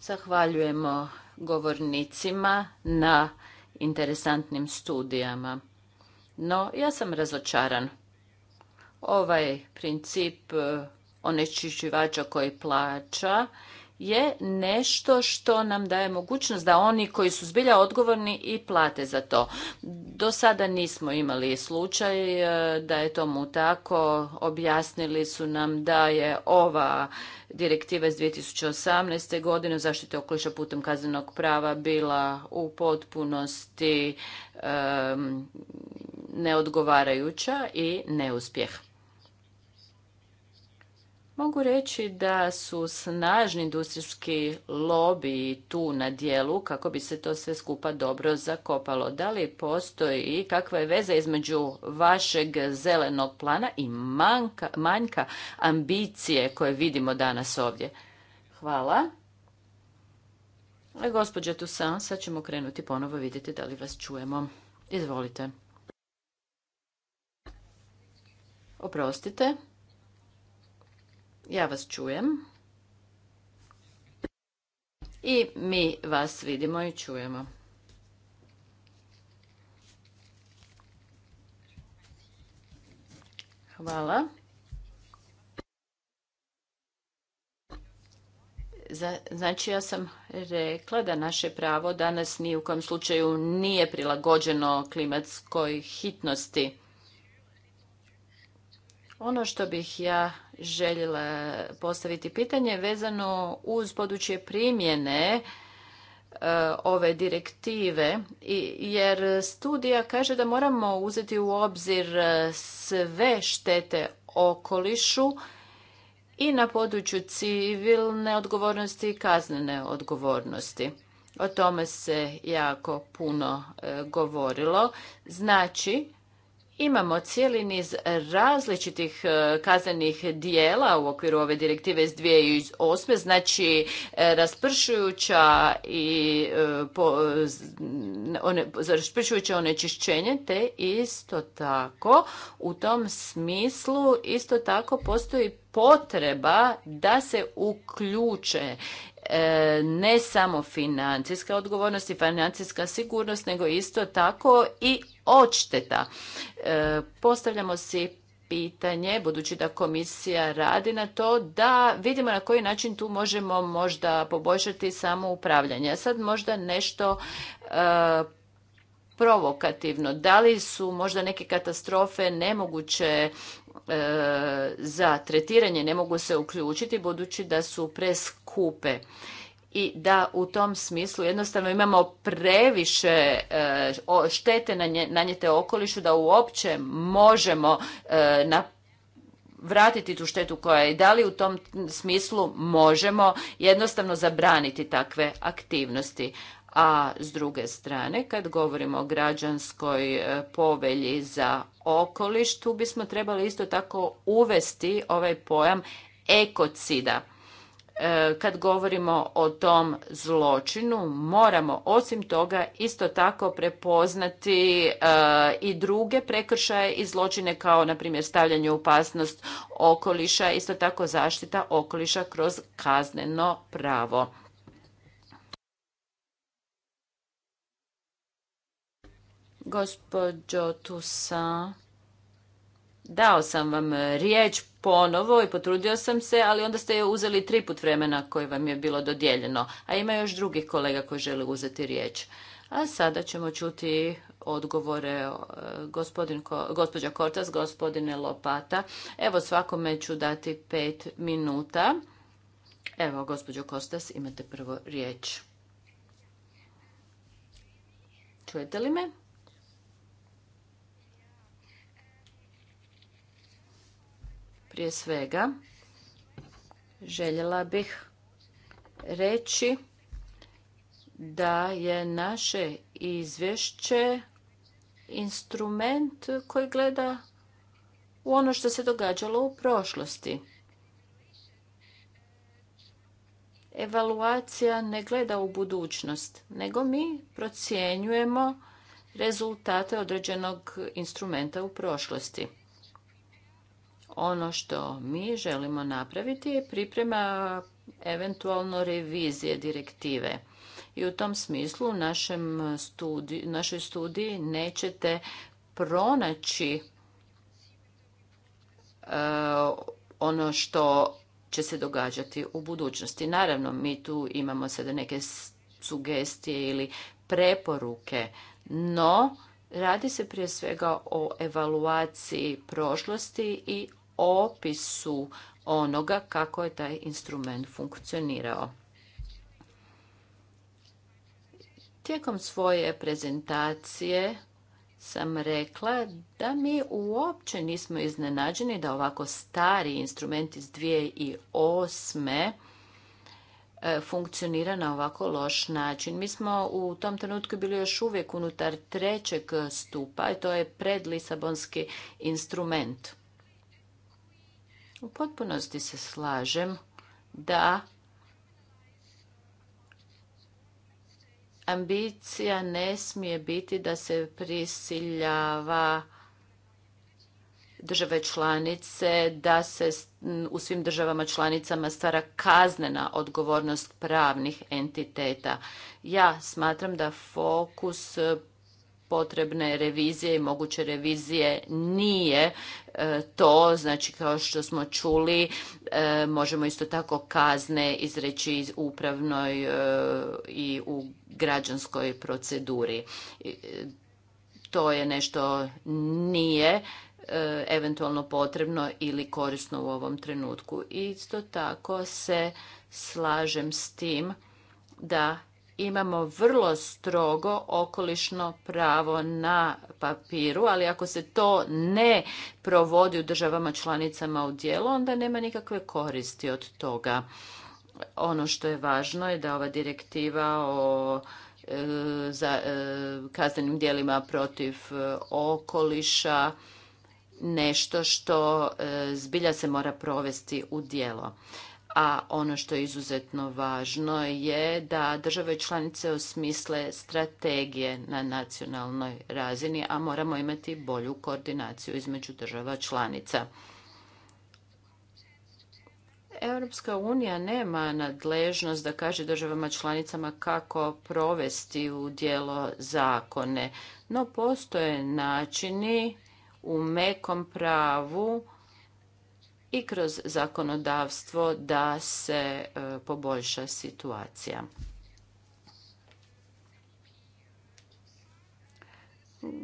Zahvaljujemo govornicima na interesantnim studijama. No, ja sam razočaran. Ovaj princip eh, onečišćivača koji plaća je nešto što nam daje mogućnost da oni koji su zbilja odgovorni i plate za to. Do sada nismo imali slučaj e, da je tomu tako. Objasnili su nam da je ova direktiva iz 2018. godine zaštite okoliša putem kaznenog prava bila u potpunosti neodgovarajuća i neuspjeh. Mogu reći da su snažni industrijski lobiji tu na dijelu kako bi se to sve skupa dobro zakopalo. Da li postoji i kakva je veza između vašeg zelenog plana i manjka, ambicije koje vidimo danas ovdje? Hvala. E, gospođa Tusan, sad ćemo krenuti ponovo vidjeti da li vas čujemo. Izvolite. Oprostite. Ja vas čujem. I mi vas vidimo i čujemo. Hvala. Znači ja sam rekla da naše pravo danas ni u kojem slučaju nije prilagođeno klimatskoj hitnosti. Ono što bih ja željela postaviti pitanje vezano uz područje primjene e, ove direktive jer studija kaže da moramo uzeti u obzir e, sve štete okolišu i na području civilne odgovornosti i kaznene odgovornosti. O tome se jako puno e, govorilo. Znači Imamo cijeli niz različitih e, kaznenih dijela u okviru ove direktive iz 2008. Znači, e, raspršujuća i e, raspršujuće onečišćenje, te isto tako u tom smislu isto tako postoji potreba da se uključe ne samo financijska odgovornost i financijska sigurnost, nego isto tako i odšteta. E, postavljamo si pitanje, budući da komisija radi na to, da vidimo na koji način tu možemo možda poboljšati samo upravljanje. sad možda nešto e, provokativno. Da li su možda neke katastrofe nemoguće e, za tretiranje, ne mogu se uključiti budući da su preskupe? i da u tom smislu jednostavno imamo previše e, štete nanjete okolišu da uopće možemo e, na vratiti tu štetu koja je i da li u tom smislu možemo jednostavno zabraniti takve aktivnosti. A s druge strane, kad govorimo o građanskoj e, povelji za okoliš, tu bismo trebali isto tako uvesti ovaj pojam ekocida. E, kad govorimo o tom zločinu moramo osim toga isto tako prepoznati e, i druge prekršaje i zločine kao na primjer stavljanje u opasnost okoliša, isto tako zaštita okoliša kroz kazneno pravo. Gospođo Tusa, Dao sam vam e, riječ ponovo i potrudio sam se, ali onda ste je uzeli tri put vremena koje vam je bilo dodijeljeno, a ima još drugih kolega koji žele uzeti riječ. A sada ćemo čuti odgovore e, gospodin, gospođa Kortas, gospodine Lopata. Evo svakome ću dati pet minuta. Evo, gospođo Kostas, imate prvo riječ. Čujete li me? Prije svega, željela bih reći da je naše izvješće instrument koji gleda u ono što se događalo u prošlosti. Evaluacija ne gleda u budućnost, nego mi procjenjujemo rezultate određenog instrumenta u prošlosti. Ono što mi želimo napraviti je priprema eventualno revizije direktive. I u tom smislu u našoj studiji nećete pronaći e, ono što će se događati u budućnosti. Naravno, mi tu imamo sada neke sugestije ili preporuke, no radi se prije svega o evaluaciji prošlosti i opisu onoga kako je taj instrument funkcionirao. Tijekom svoje prezentacije sam rekla da mi uopće nismo iznenađeni da ovako stari instrument iz 2008 e, funkcionira na ovako loš način. Mi smo u tom trenutku bili još uvijek unutar trećeg stupa i to je predlisabonski instrument. U potpunosti se slažem da ambicija ne smije biti da se prisiljava države članice da se u svim državama članicama stvara kaznena odgovornost pravnih entiteta. Ja smatram da fokus potrebne revizije i moguće revizije nije e, to, znači kao što smo čuli, e, možemo isto tako kazne izreći u upravnoj e, i u građanskoj proceduri. To je nešto nije eventualno potrebno ili korisno u ovom trenutku. Isto tako se slažem s tim da imamo vrlo strogo okolišno pravo na papiru, ali ako se to ne provodi u državama članicama u dijelu, onda nema nikakve koristi od toga. Ono što je važno je da ova direktiva o e, za, e, kaznenim dijelima protiv e, okoliša nešto što zbilja se mora provesti u dijelo a ono što je izuzetno važno je da države članice osmisle strategije na nacionalnoj razini, a moramo imati bolju koordinaciju između država članica. Europska unija nema nadležnost da kaže državama članicama kako provesti u dijelo zakone, no postoje načini u mekom pravu i kroz zakonodavstvo da se e, poboljša situacija.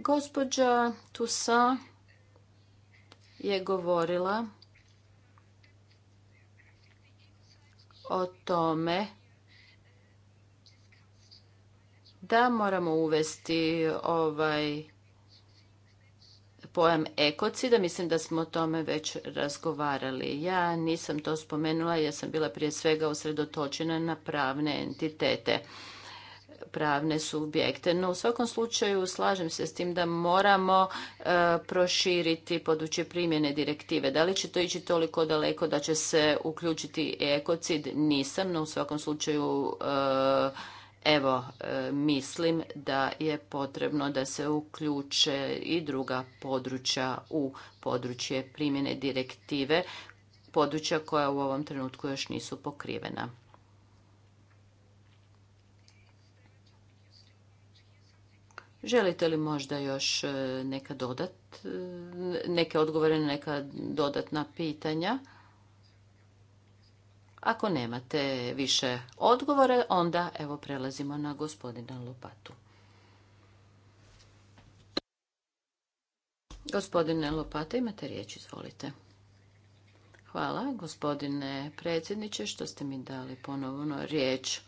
Gospođa Tusa je govorila o tome da moramo uvesti ovaj pojam ekocida, mislim da smo o tome već razgovarali. Ja nisam to spomenula jer sam bila prije svega usredotočena na pravne entitete pravne subjekte. No u svakom slučaju slažem se s tim da moramo e, proširiti područje primjene direktive. Da li će to ići toliko daleko da će se uključiti ekocid? Nisam, no u svakom slučaju e, Evo, e, mislim da je potrebno da se uključe i druga područja u područje primjene direktive, područja koja u ovom trenutku još nisu pokrivena. Želite li možda još e, neka dodat, e, neke odgovore na neka dodatna pitanja? Ako nemate više odgovore, onda evo prelazimo na gospodina Lopatu. Gospodine Lopata, imate riječ, izvolite. Hvala, gospodine predsjedniče, što ste mi dali ponovno riječ.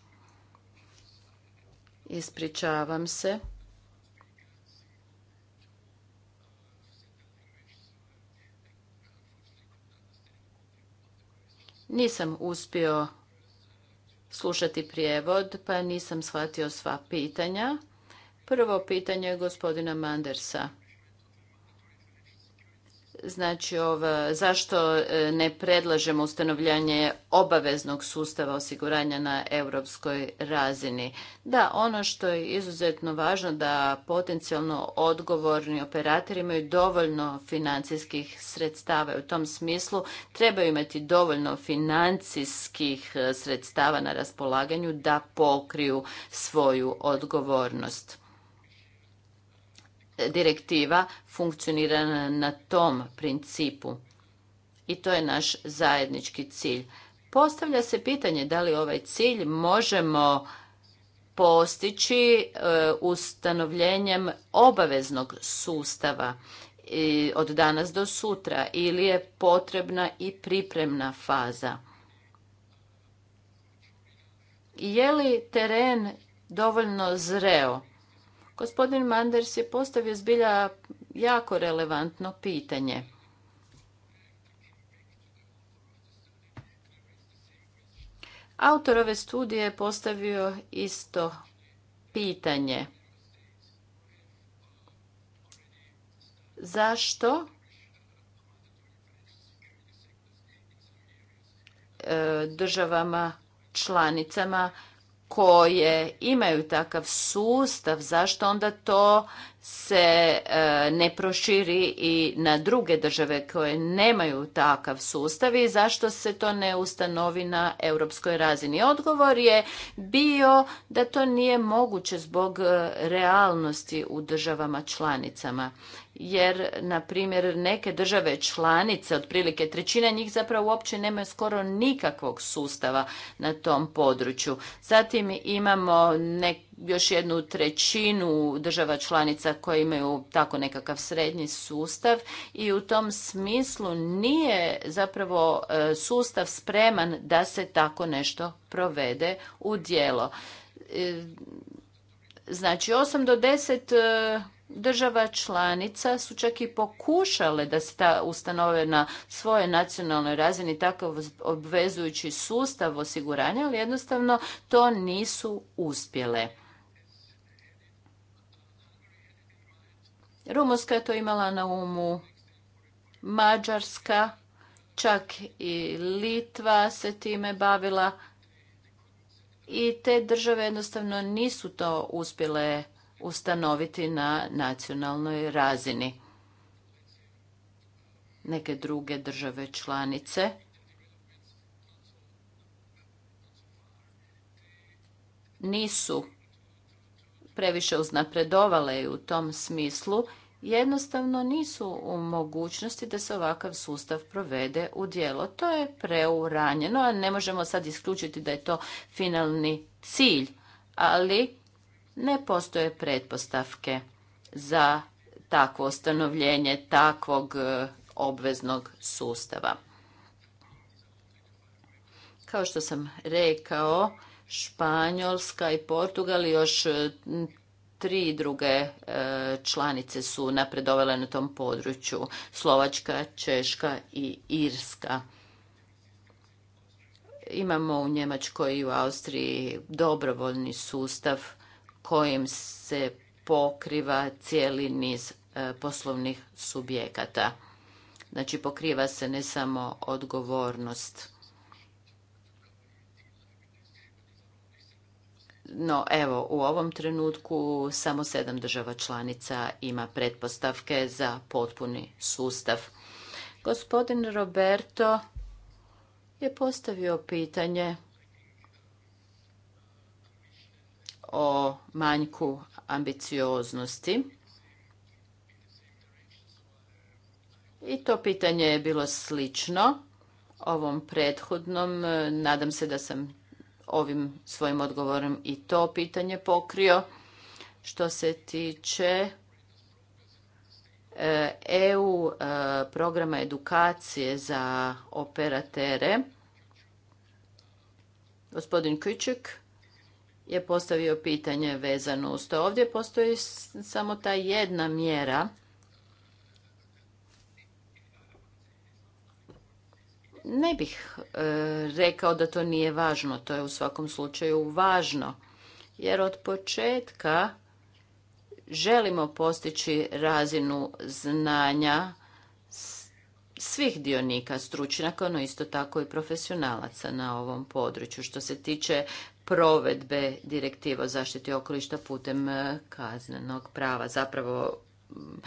Ispričavam se. Nisam uspio slušati prijevod, pa nisam shvatio sva pitanja. Prvo pitanje je gospodina Mandersa. Znači, ova, zašto e, ne predlažemo ustanovljanje obaveznog sustava osiguranja na europskoj razini? Da, ono što je izuzetno važno da potencijalno odgovorni operatori imaju dovoljno financijskih sredstava. U tom smislu trebaju imati dovoljno financijskih e, sredstava na raspolaganju da pokriju svoju odgovornost direktiva funkcionira na tom principu i to je naš zajednički cilj. Postavlja se pitanje da li ovaj cilj možemo postići e, ustanovljenjem obaveznog sustava e, od danas do sutra ili je potrebna i pripremna faza. Je li teren dovoljno zreo? Gospodin Manders je postavio zbilja jako relevantno pitanje. Autor ove studije je postavio isto pitanje. Zašto e, državama članicama koje imaju takav sustav, zašto onda to se e, ne proširi i na druge države koje nemaju takav sustav i zašto se to ne ustanovi na europskoj razini. Odgovor je bio da to nije moguće zbog e, realnosti u državama članicama jer, na primjer, neke države članice, otprilike trećina njih zapravo uopće nema skoro nikakvog sustava na tom području. Zatim imamo još jednu trećinu država članica koje imaju tako nekakav srednji sustav i u tom smislu nije zapravo e, sustav spreman da se tako nešto provede u djelo. E, znači 8 do 10 država članica su čak i pokušale da se ta ustanove na svojoj nacionalnoj razini takav obvezujući sustav osiguranja, ali jednostavno to nisu uspjele. Rumunska je to imala na umu, Mađarska, čak i Litva se time bavila i te države jednostavno nisu to uspjele ustanoviti na nacionalnoj razini. Neke druge države članice nisu previše uznapredovale u tom smislu jednostavno nisu u mogućnosti da se ovakav sustav provede u djelo. To je preuranjeno, a ne možemo sad isključiti da je to finalni cilj, ali ne postoje pretpostavke za takvo ostanovljenje takvog e, obveznog sustava. Kao što sam rekao, Španjolska i Portugal još e, tri druge e, članice su napredovale na tom području. Slovačka, Češka i Irska. Imamo u Njemačkoj i u Austriji dobrovoljni sustav kojim se pokriva cijeli niz e, poslovnih subjekata. Znači pokriva se ne samo odgovornost. No evo, u ovom trenutku samo sedam država članica ima pretpostavke za potpuni sustav. Gospodin Roberto je postavio pitanje o manjku ambicioznosti. I to pitanje je bilo slično ovom prethodnom. Nadam se da sam ovim svojim odgovorom i to pitanje pokrio. Što se tiče EU e e, programa edukacije za operatere, gospodin Kujček, je postavio pitanje vezano uz to. Ovdje postoji samo ta jedna mjera ne bih e, rekao da to nije važno to je u svakom slučaju važno jer od početka želimo postići razinu znanja svih dionika stručnjaka no isto tako i profesionalaca na ovom području što se tiče provedbe direktiva o zaštiti okolišta putem e, kaznenog prava, zapravo mm,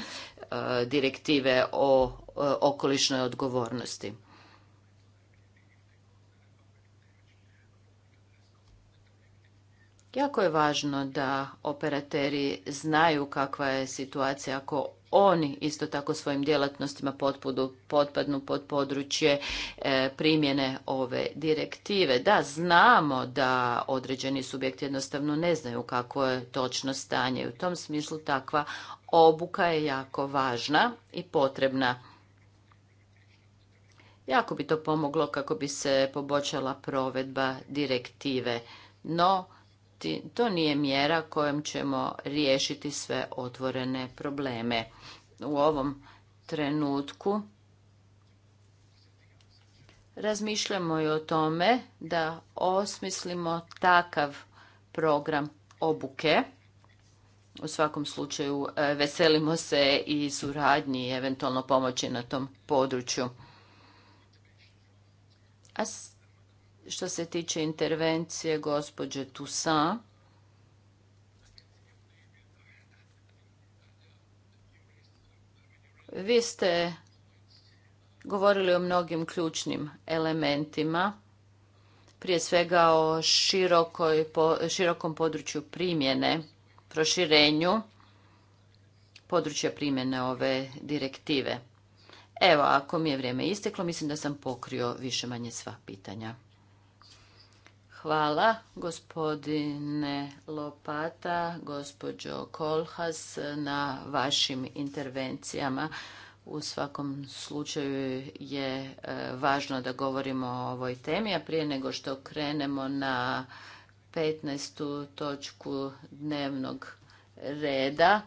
e, direktive o e, okolišnoj odgovornosti. Jako je važno da operateri znaju kakva je situacija ako oni isto tako svojim djelatnostima potpadnu pod područje e, primjene ove direktive. Da, znamo da određeni subjekti jednostavno ne znaju kako je točno stanje. U tom smislu takva obuka je jako važna i potrebna. Jako bi to pomoglo kako bi se poboljšala provedba direktive. No, to nije mjera kojom ćemo riješiti sve otvorene probleme. U ovom trenutku razmišljamo i o tome da osmislimo takav program obuke. U svakom slučaju e, veselimo se i suradnji i eventualno pomoći na tom području. A što se tiče intervencije gospođe Tusa, vi ste govorili o mnogim ključnim elementima, prije svega o širokoj, širokom području primjene, proširenju područja primjene ove direktive. Evo, ako mi je vrijeme isteklo, mislim da sam pokrio više manje sva pitanja. Hvala gospodine Lopata, gospođo Kolhas na vašim intervencijama. U svakom slučaju je e, važno da govorimo o ovoj temi, a prije nego što krenemo na 15. točku dnevnog reda,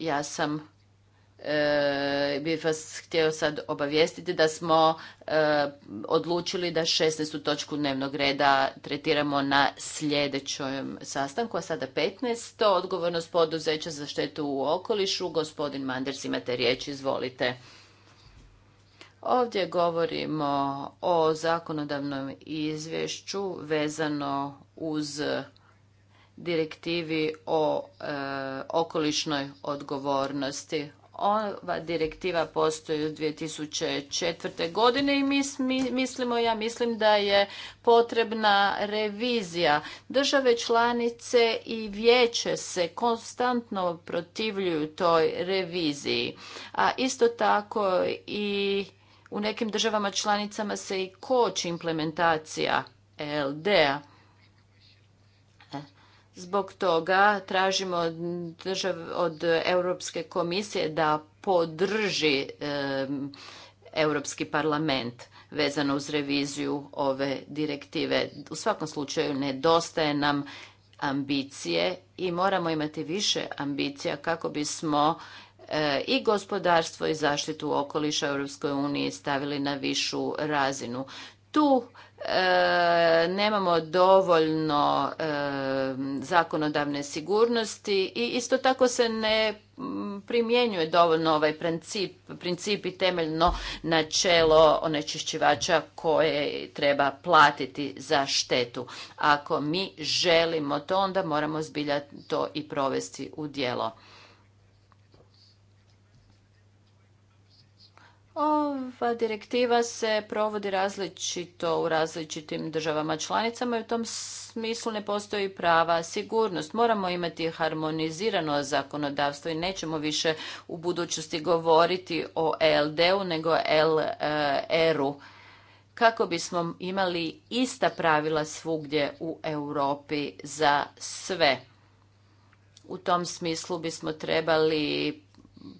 ja sam E, bih vas htio sad obavijestiti da smo e, odlučili da 16. točku dnevnog reda tretiramo na sljedećem sastanku, a sada 15. odgovornost poduzeća za štetu u okolišu. Gospodin Manders, imate riječ, izvolite. Ovdje govorimo o zakonodavnom izvješću vezano uz direktivi o e, okolišnoj odgovornosti ova direktiva postoji od 2004. godine i mi mislimo, ja mislim da je potrebna revizija. Države članice i vijeće se konstantno protivljuju toj reviziji. A isto tako i u nekim državama članicama se i koči implementacija LD-a. Zbog toga tražimo od, Europske komisije da podrži Europski parlament vezano uz reviziju ove direktive. U svakom slučaju nedostaje nam ambicije i moramo imati više ambicija kako bismo e, i gospodarstvo i zaštitu okoliša u Europskoj stavili na višu razinu tu e, nemamo dovoljno e, zakonodavne sigurnosti i isto tako se ne primjenjuje dovoljno ovaj princip, princip i temeljno načelo onečišćivača koje treba platiti za štetu. Ako mi želimo to, onda moramo zbilja to i provesti u djelo. Ova direktiva se provodi različito u različitim državama članicama i u tom smislu ne postoji prava sigurnost. Moramo imati harmonizirano zakonodavstvo i nećemo više u budućnosti govoriti o ld u nego LR-u e kako bismo imali ista pravila svugdje u Europi za sve. U tom smislu bismo trebali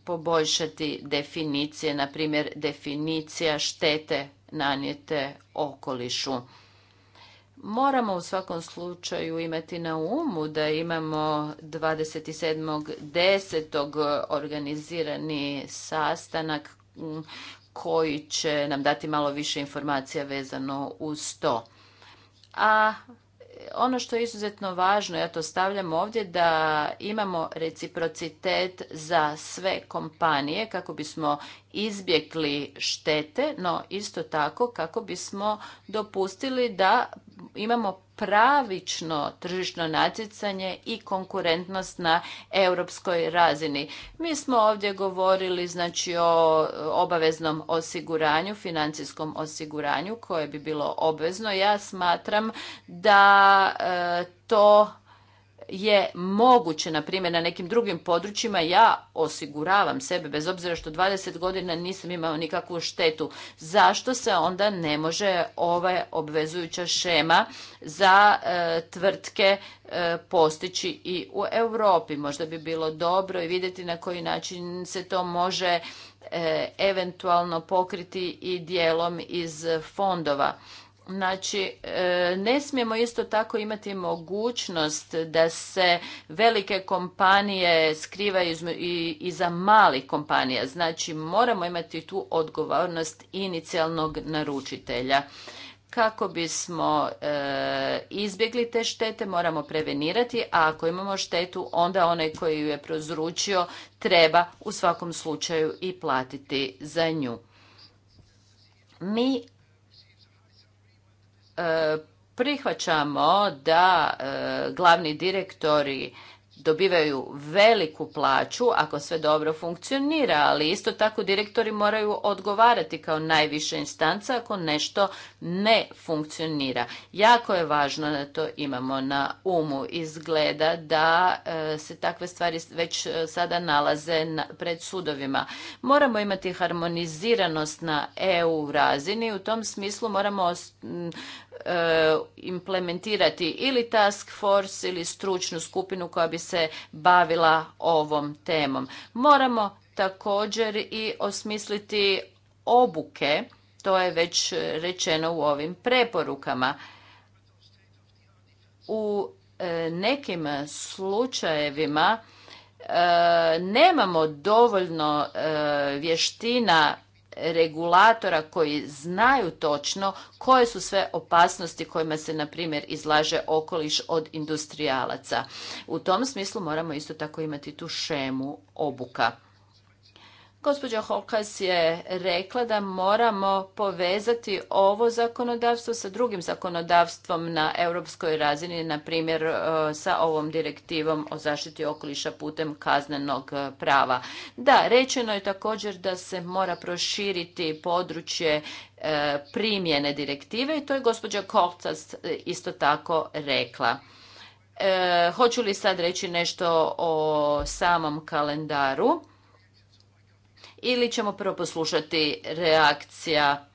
poboljšati definicije, na primjer definicija štete nanijete okolišu. Moramo u svakom slučaju imati na umu da imamo 27.10. organizirani sastanak koji će nam dati malo više informacija vezano uz to. A ono što je izuzetno važno, ja to stavljam ovdje, da imamo reciprocitet za sve kompanije kako bismo izbjegli štete, no isto tako kako bismo dopustili da imamo pravično tržišno natjecanje i konkurentnost na europskoj razini. Mi smo ovdje govorili znači o obaveznom osiguranju, financijskom osiguranju koje bi bilo obvezno. Ja smatram da e, to je moguće, na primjer, na nekim drugim područjima ja osiguravam sebe, bez obzira što 20 godina nisam imao nikakvu štetu. Zašto se onda ne može ova obvezujuća šema za e, tvrtke e, postići i u Europi? Možda bi bilo dobro i vidjeti na koji način se to može e, eventualno pokriti i dijelom iz fondova Znači, e, ne smijemo isto tako imati mogućnost da se velike kompanije skrivaju iza malih kompanija. Znači, moramo imati tu odgovornost inicijalnog naručitelja. Kako bismo e, izbjegli te štete, moramo prevenirati, a ako imamo štetu, onda onaj koji ju je prozručio treba u svakom slučaju i platiti za nju. Mi E, prihvaćamo da e, glavni direktori dobivaju veliku plaću ako sve dobro funkcionira, ali isto tako direktori moraju odgovarati kao najviše instanca ako nešto ne funkcionira. Jako je važno da to imamo na umu. Izgleda da e, se takve stvari već sada nalaze pred sudovima. Moramo imati harmoniziranost na EU razini. U tom smislu moramo E, implementirati ili task force ili stručnu skupinu koja bi se bavila ovom temom. Moramo također i osmisliti obuke, to je već rečeno u ovim preporukama. U e, nekim slučajevima e, nemamo dovoljno vještina regulatora koji znaju točno koje su sve opasnosti kojima se, na primjer, izlaže okoliš od industrijalaca. U tom smislu moramo isto tako imati tu šemu obuka. Gospođa Hokas je rekla da moramo povezati ovo zakonodavstvo sa drugim zakonodavstvom na europskoj razini, na primjer e, sa ovom direktivom o zaštiti okoliša putem kaznenog e, prava. Da, rečeno je također da se mora proširiti područje e, primjene direktive i to je gospođa Kolcas isto tako rekla. hoću li sad reći nešto o samom kalendaru? ili ćemo prvo poslušati reakcija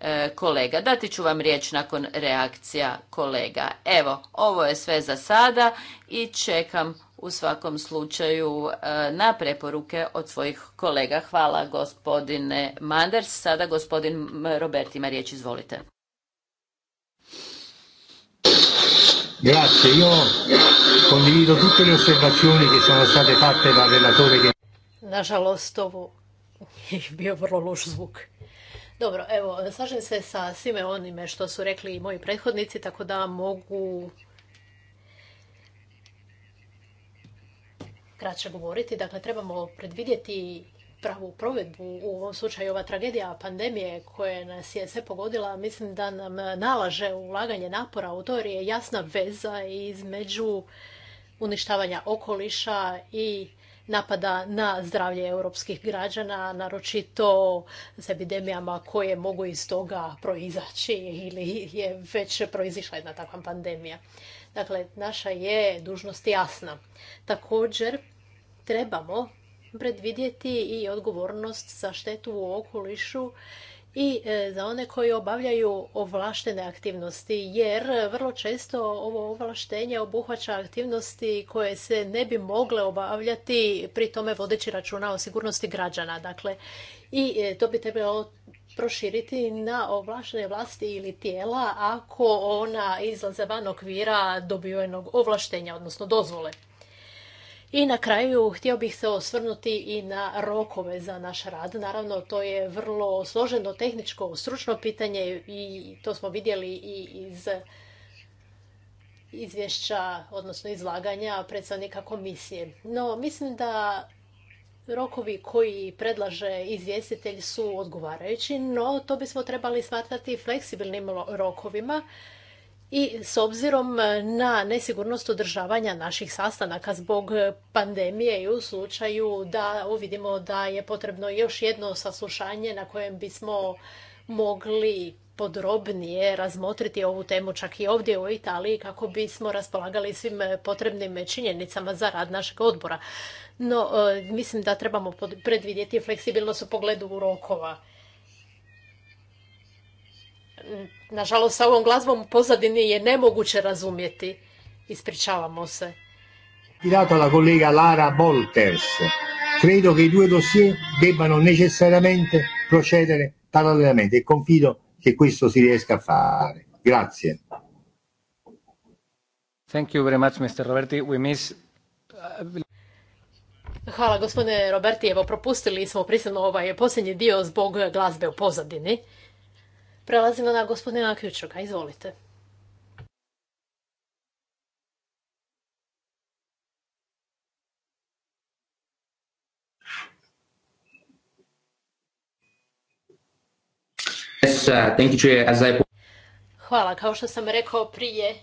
e, kolega. Dati ću vam riječ nakon reakcija kolega. Evo, ovo je sve za sada i čekam u svakom slučaju e, na preporuke od svojih kolega. Hvala gospodine Manders. Sada gospodin Robert ima riječ, izvolite. Grazie, io Nažalost, ovu je [laughs] bio vrlo loš zvuk. Dobro, evo, slažem se sa svime onime što su rekli i moji prethodnici, tako da mogu kraće govoriti. Dakle, trebamo predvidjeti pravu provedbu u ovom slučaju ova tragedija pandemije koja nas je sve pogodila, mislim da nam nalaže ulaganje napora u to jer je jasna veza između uništavanja okoliša i napada na zdravlje europskih građana, naročito s epidemijama koje mogu iz toga proizaći ili je već proizišla jedna takva pandemija. Dakle, naša je dužnost jasna. Također, trebamo predvidjeti i odgovornost za štetu u okolišu i e, za one koji obavljaju ovlaštene aktivnosti, jer vrlo često ovo ovlaštenje obuhvaća aktivnosti koje se ne bi mogle obavljati pri tome vodeći računa o sigurnosti građana. Dakle, i e, to bi trebalo proširiti na ovlaštene vlasti ili tijela ako ona izlaze van okvira dobivenog ovlaštenja, odnosno dozvole. I na kraju htio bih se osvrnuti i na rokove za naš rad. Naravno, to je vrlo složeno tehničko, stručno pitanje i to smo vidjeli i iz izvješća, odnosno izlaganja predstavnika komisije. No, mislim da rokovi koji predlaže izvjestitelj su odgovarajući, no to bismo trebali smatrati fleksibilnim rokovima i s obzirom e, na nesigurnost održavanja naših sastanaka zbog e, pandemije i u slučaju da uvidimo da je potrebno još jedno saslušanje na kojem bismo mogli podrobnije razmotriti ovu temu čak i ovdje u Italiji kako bismo raspolagali svim e, potrebnim činjenicama za rad našeg odbora. No, mislim da trebamo predvidjeti fleksibilnost u pogledu rokova Nažalost, sa ovom glazbom pozadini je nemoguće razumjeti. Ispričavamo se. Girato alla collega Lara Volters. Credo che i due dossier debbano necessariamente procedere parallelamente e confido che questo si riesca a fare. Grazie. Thank you very much, Mr. Roberti. We miss... Uh, Hvala gospodine Roberti, evo propustili smo prisilno ovaj posljednji dio zbog glazbe u pozadini. Prelazimo na gospodina Ključoka. Izvolite. Uh, Hvala. Kao što sam rekao prije,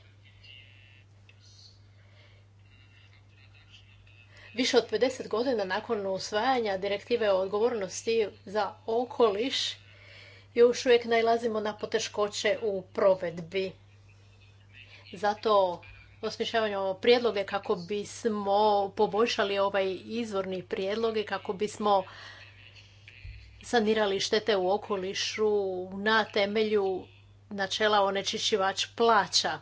više od 50 godina nakon usvajanja direktive o odgovornosti za okoliš, još uvijek nalazimo na poteškoće u provedbi. Zato osmišljavamo prijedloge kako bismo poboljšali ovaj izvorni prijedlog i kako bismo sanirali štete u okolišu na temelju načela onečišćivač plaća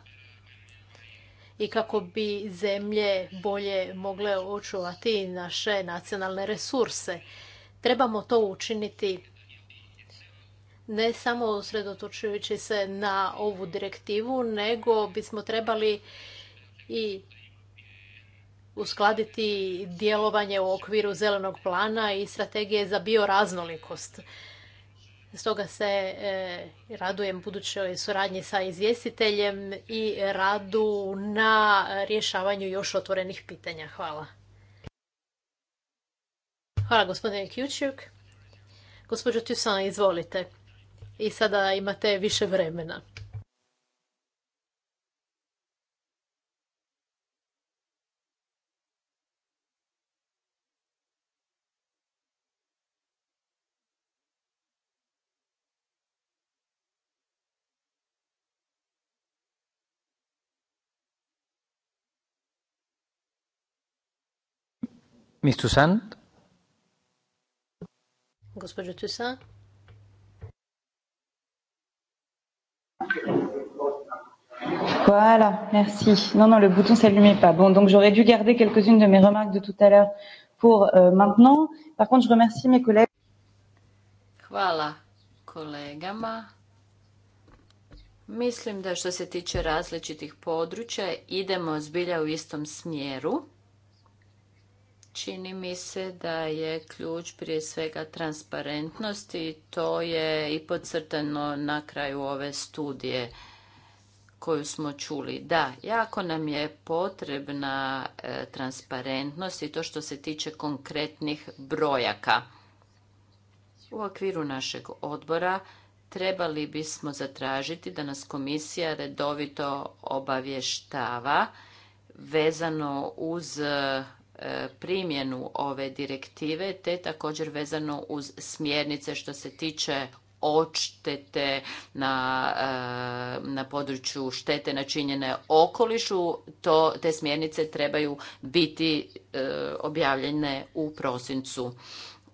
i kako bi zemlje bolje mogle očuvati naše nacionalne resurse. Trebamo to učiniti ne samo usredotočujući se na ovu direktivu, nego bismo trebali i uskladiti djelovanje u okviru zelenog plana i strategije za bioraznolikost. Stoga se e, radujem budućoj suradnji sa izvjestiteljem i radu na rješavanju još otvorenih pitanja. Hvala. Hvala gospodine Kjučuk. Gospođo Tusan, izvolite i sada imate više vremena. Mr. Sand? Gospođo Toussaint? Voilà, merci. Non, non, le bouton s'allumait pas. Bon, donc j'aurais dû garder quelques-unes de mes remarques de tout à l'heure pour euh, maintenant. Par contre, je remercie mes collègues. Hvala kolegama. Mislim da što se tiče različitih područja idemo zbilja u istom smjeru. Čini mi se da je ključ prije svega transparentnosti i to je i podcrtano na kraju ove studije koju smo čuli. Da, jako nam je potrebna e, transparentnost i to što se tiče konkretnih brojaka. U okviru našeg odbora trebali bismo zatražiti da nas komisija redovito obavještava vezano uz e, primjenu ove direktive te također vezano uz smjernice što se tiče odštete na, eh, na području štete načinjene okolišu, to, te smjernice trebaju biti eh, objavljene u prosincu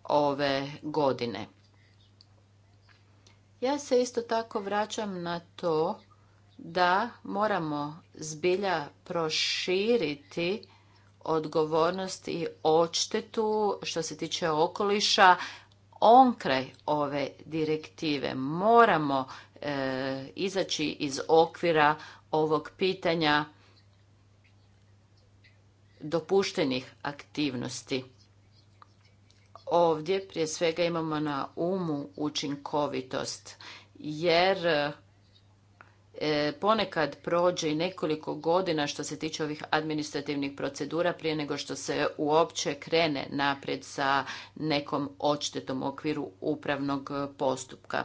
ove godine. Ja se isto tako vraćam na to da moramo zbilja proširiti odgovornost i odštetu što se tiče okoliša onkraj ove direktive. Moramo e, izaći iz okvira ovog pitanja dopuštenih aktivnosti. Ovdje prije svega imamo na umu učinkovitost jer E, ponekad prođe i nekoliko godina što se tiče ovih administrativnih procedura prije nego što se uopće krene naprijed sa nekom odštetom u okviru upravnog postupka.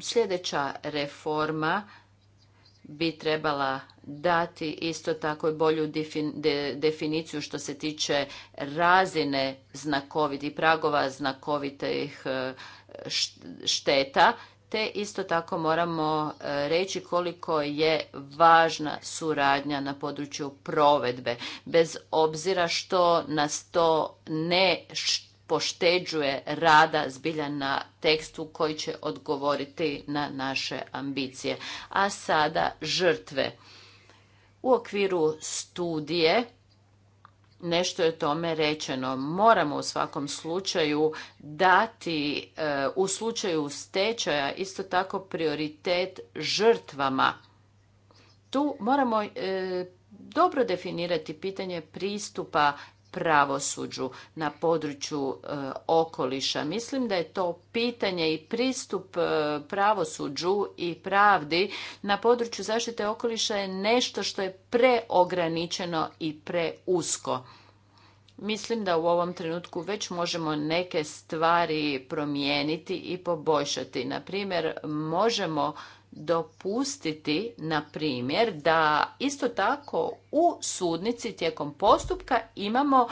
sljedeća reforma bi trebala dati isto tako bolju definiciju što se tiče razine znakovitih pragova znakovitih e, šteta te isto tako moramo e, reći koliko je važna suradnja na području provedbe, bez obzira što nas to ne pošteđuje rada zbilja na tekstu koji će odgovoriti na naše ambicije. A sada žrtve. U okviru studije nešto je tome rečeno. Moramo u svakom slučaju dati e, u slučaju stečaja isto tako prioritet žrtvama. Tu moramo e, dobro definirati pitanje pristupa pravosuđu na području e, okoliša. Mislim da je to pitanje i pristup e, pravosuđu i pravdi na području zaštite okoliša je nešto što je preograničeno i preusko. Mislim da u ovom trenutku već možemo neke stvari promijeniti i poboljšati. Na primjer, možemo dopustiti, na primjer, da isto tako u sudnici tijekom postupka imamo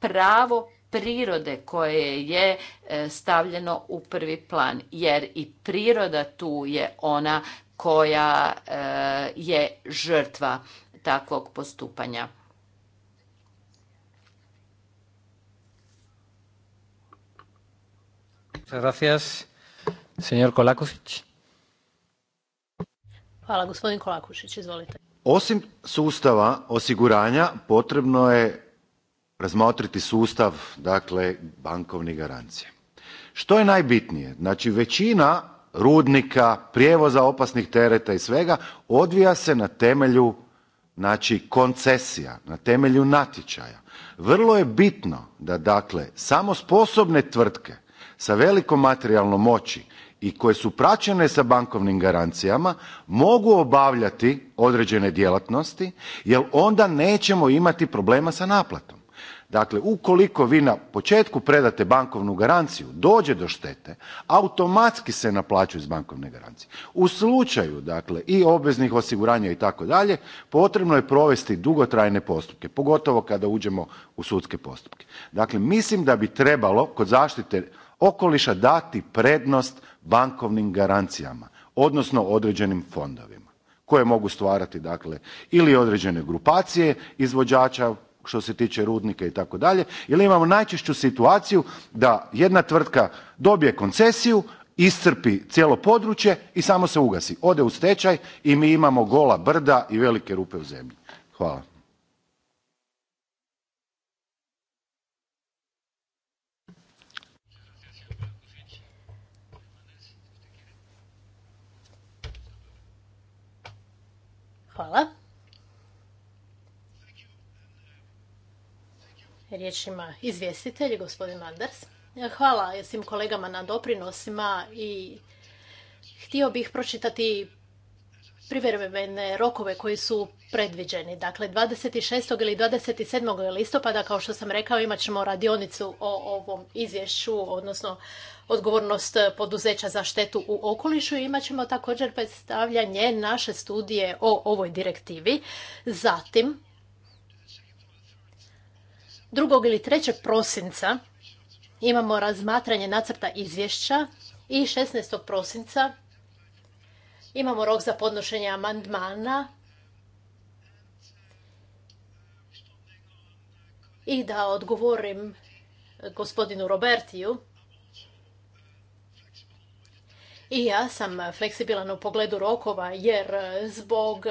pravo prirode koje je e, stavljeno u prvi plan, jer i priroda tu je ona koja e, je žrtva takvog postupanja. Gracias, Kolaković. Hvala. Gospodin Kolakušić, izvolite. Osim sustava osiguranja potrebno je razmotriti sustav dakle bankovnih garancija. Što je najbitnije? Znači većina rudnika, prijevoza opasnih tereta i svega odvija se na temelju znači koncesija, na temelju natječaja. Vrlo je bitno da dakle samo sposobne tvrtke sa velikom materijalnom moći i koje su praćene sa bankovnim garancijama mogu obavljati određene djelatnosti jer onda nećemo imati problema sa naplatom. Dakle, ukoliko vi na početku predate bankovnu garanciju, dođe do štete, automatski se naplaćuje iz bankovne garancije. U slučaju, dakle, i obveznih osiguranja i tako dalje, potrebno je provesti dugotrajne postupke, pogotovo kada uđemo u sudske postupke. Dakle, mislim da bi trebalo kod zaštite okoliša dati prednost bankovnim garancijama, odnosno određenim fondovima koje mogu stvarati dakle ili određene grupacije izvođača što se tiče rudnika i tako dalje, ili imamo najčešću situaciju da jedna tvrtka dobije koncesiju, iscrpi cijelo područje i samo se ugasi, ode u stečaj i mi imamo gola brda i velike rupe u zemlji. Hvala. Hvala. Riječ izvjestitelj, gospodin Anders. Hvala svim kolegama na doprinosima i htio bih pročitati privremene rokove koji su predviđeni. Dakle, 26. ili 27. listopada, kao što sam rekao, imat ćemo radionicu o ovom izvješću, odnosno odgovornost poduzeća za štetu u okolišu i imat ćemo također predstavljanje naše studije o ovoj direktivi. Zatim, 2. ili 3. prosinca imamo razmatranje nacrta izvješća i 16. prosinca Imamo rok za podnošenje amandmana. I da odgovorim gospodinu Robertiju. I ja sam fleksibilan u pogledu rokova jer zbog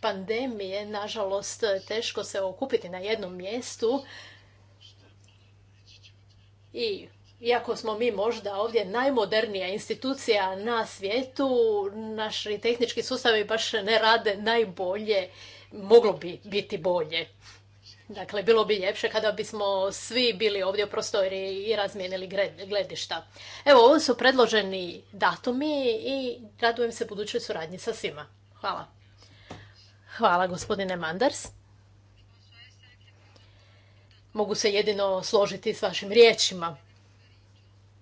pandemije nažalost teško se okupiti na jednom mjestu i iako smo mi možda ovdje najmodernija institucija na svijetu, naši tehnički sustavi baš ne rade najbolje, moglo bi biti bolje. Dakle, bilo bi ljepše kada bismo svi bili ovdje u prostori i razmijenili gledišta. Evo, ovo su predloženi datumi i radujem se budućoj suradnji sa svima. Hvala. Hvala, gospodine Manders. Mogu se jedino složiti s vašim riječima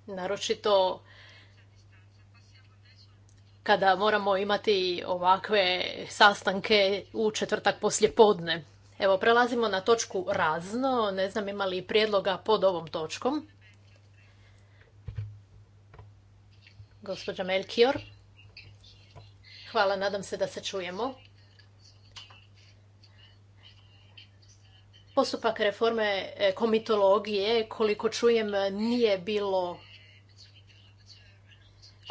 naročito kada moramo imati ovakve sastanke u četvrtak poslje podne. Evo, prelazimo na točku razno. Ne znam ima li prijedloga pod ovom točkom. Gospođa Melkior. Hvala, nadam se da se čujemo. Postupak reforme e, komitologije, koliko čujem, nije bilo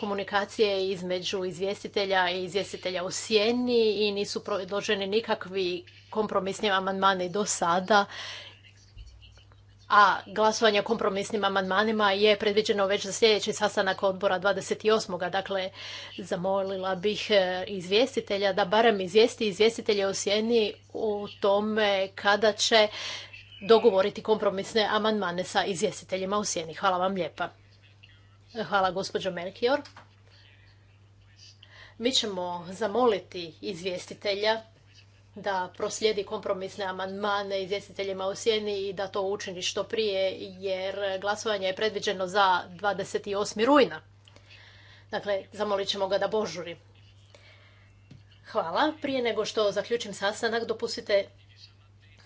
komunikacije između izvjestitelja i izvjestitelja u sjeni i nisu predloženi nikakvi kompromisni amandmani do sada a glasovanje o kompromisnim amandmanima je predviđeno već za sljedeći sastanak odbora 28. Dakle, zamolila bih e, izvjestitelja da barem izvijesti izvjestitelje u sjeni u tome kada će dogovoriti kompromisne amandmane sa izvjestiteljima u sjeni. Hvala vam lijepa. Hvala gospođo Melchior. Mi ćemo zamoliti izvjestitelja da proslijedi kompromisne amandmane izvjestiteljima u sjeni i da to učini što prije jer glasovanje je predviđeno za 28. rujna. Dakle, zamolit ćemo ga da božuri. Hvala. Prije nego što zaključim sastanak, dopustite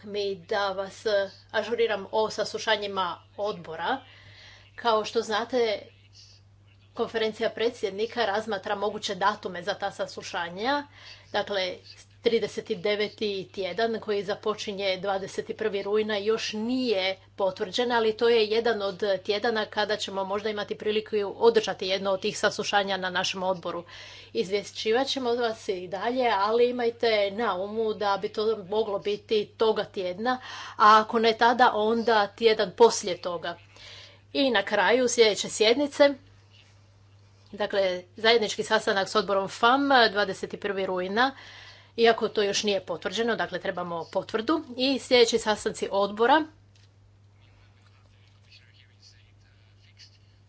mi da vas ažuriram o saslušanjima odbora. Kao što znate, konferencija predsjednika razmatra moguće datume za ta saslušanja. Dakle, 39. tjedan koji započinje 21. rujna još nije potvrđen, ali to je jedan od tjedana kada ćemo možda imati priliku održati jedno od tih saslušanja na našem odboru. Izvješćivat ćemo od vas i dalje, ali imajte na umu da bi to moglo biti toga tjedna, a ako ne tada, onda tjedan poslije toga. I na kraju sljedeće sjednice Dakle, zajednički sastanak s odborom FAM 21. rujna, iako to još nije potvrđeno, dakle trebamo potvrdu. I sljedeći sastanci odbora.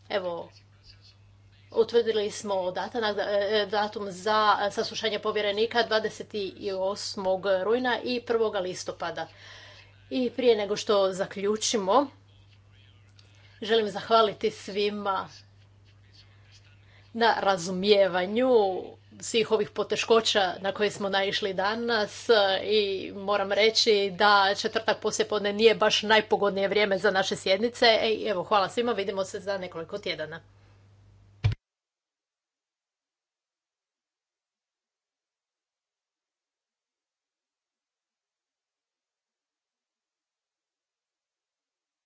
Evo, utvrdili smo e, datum za saslušanje povjerenika 28. rujna i 1. listopada. I prije nego što zaključimo, želim zahvaliti svima na razumijevanju svih ovih poteškoća na koje smo naišli danas e, i moram reći da četvrtak poslijepodne nije baš najpogodnije vrijeme za naše sjednice. E, I evo, hvala svima, vidimo se za nekoliko tjedana.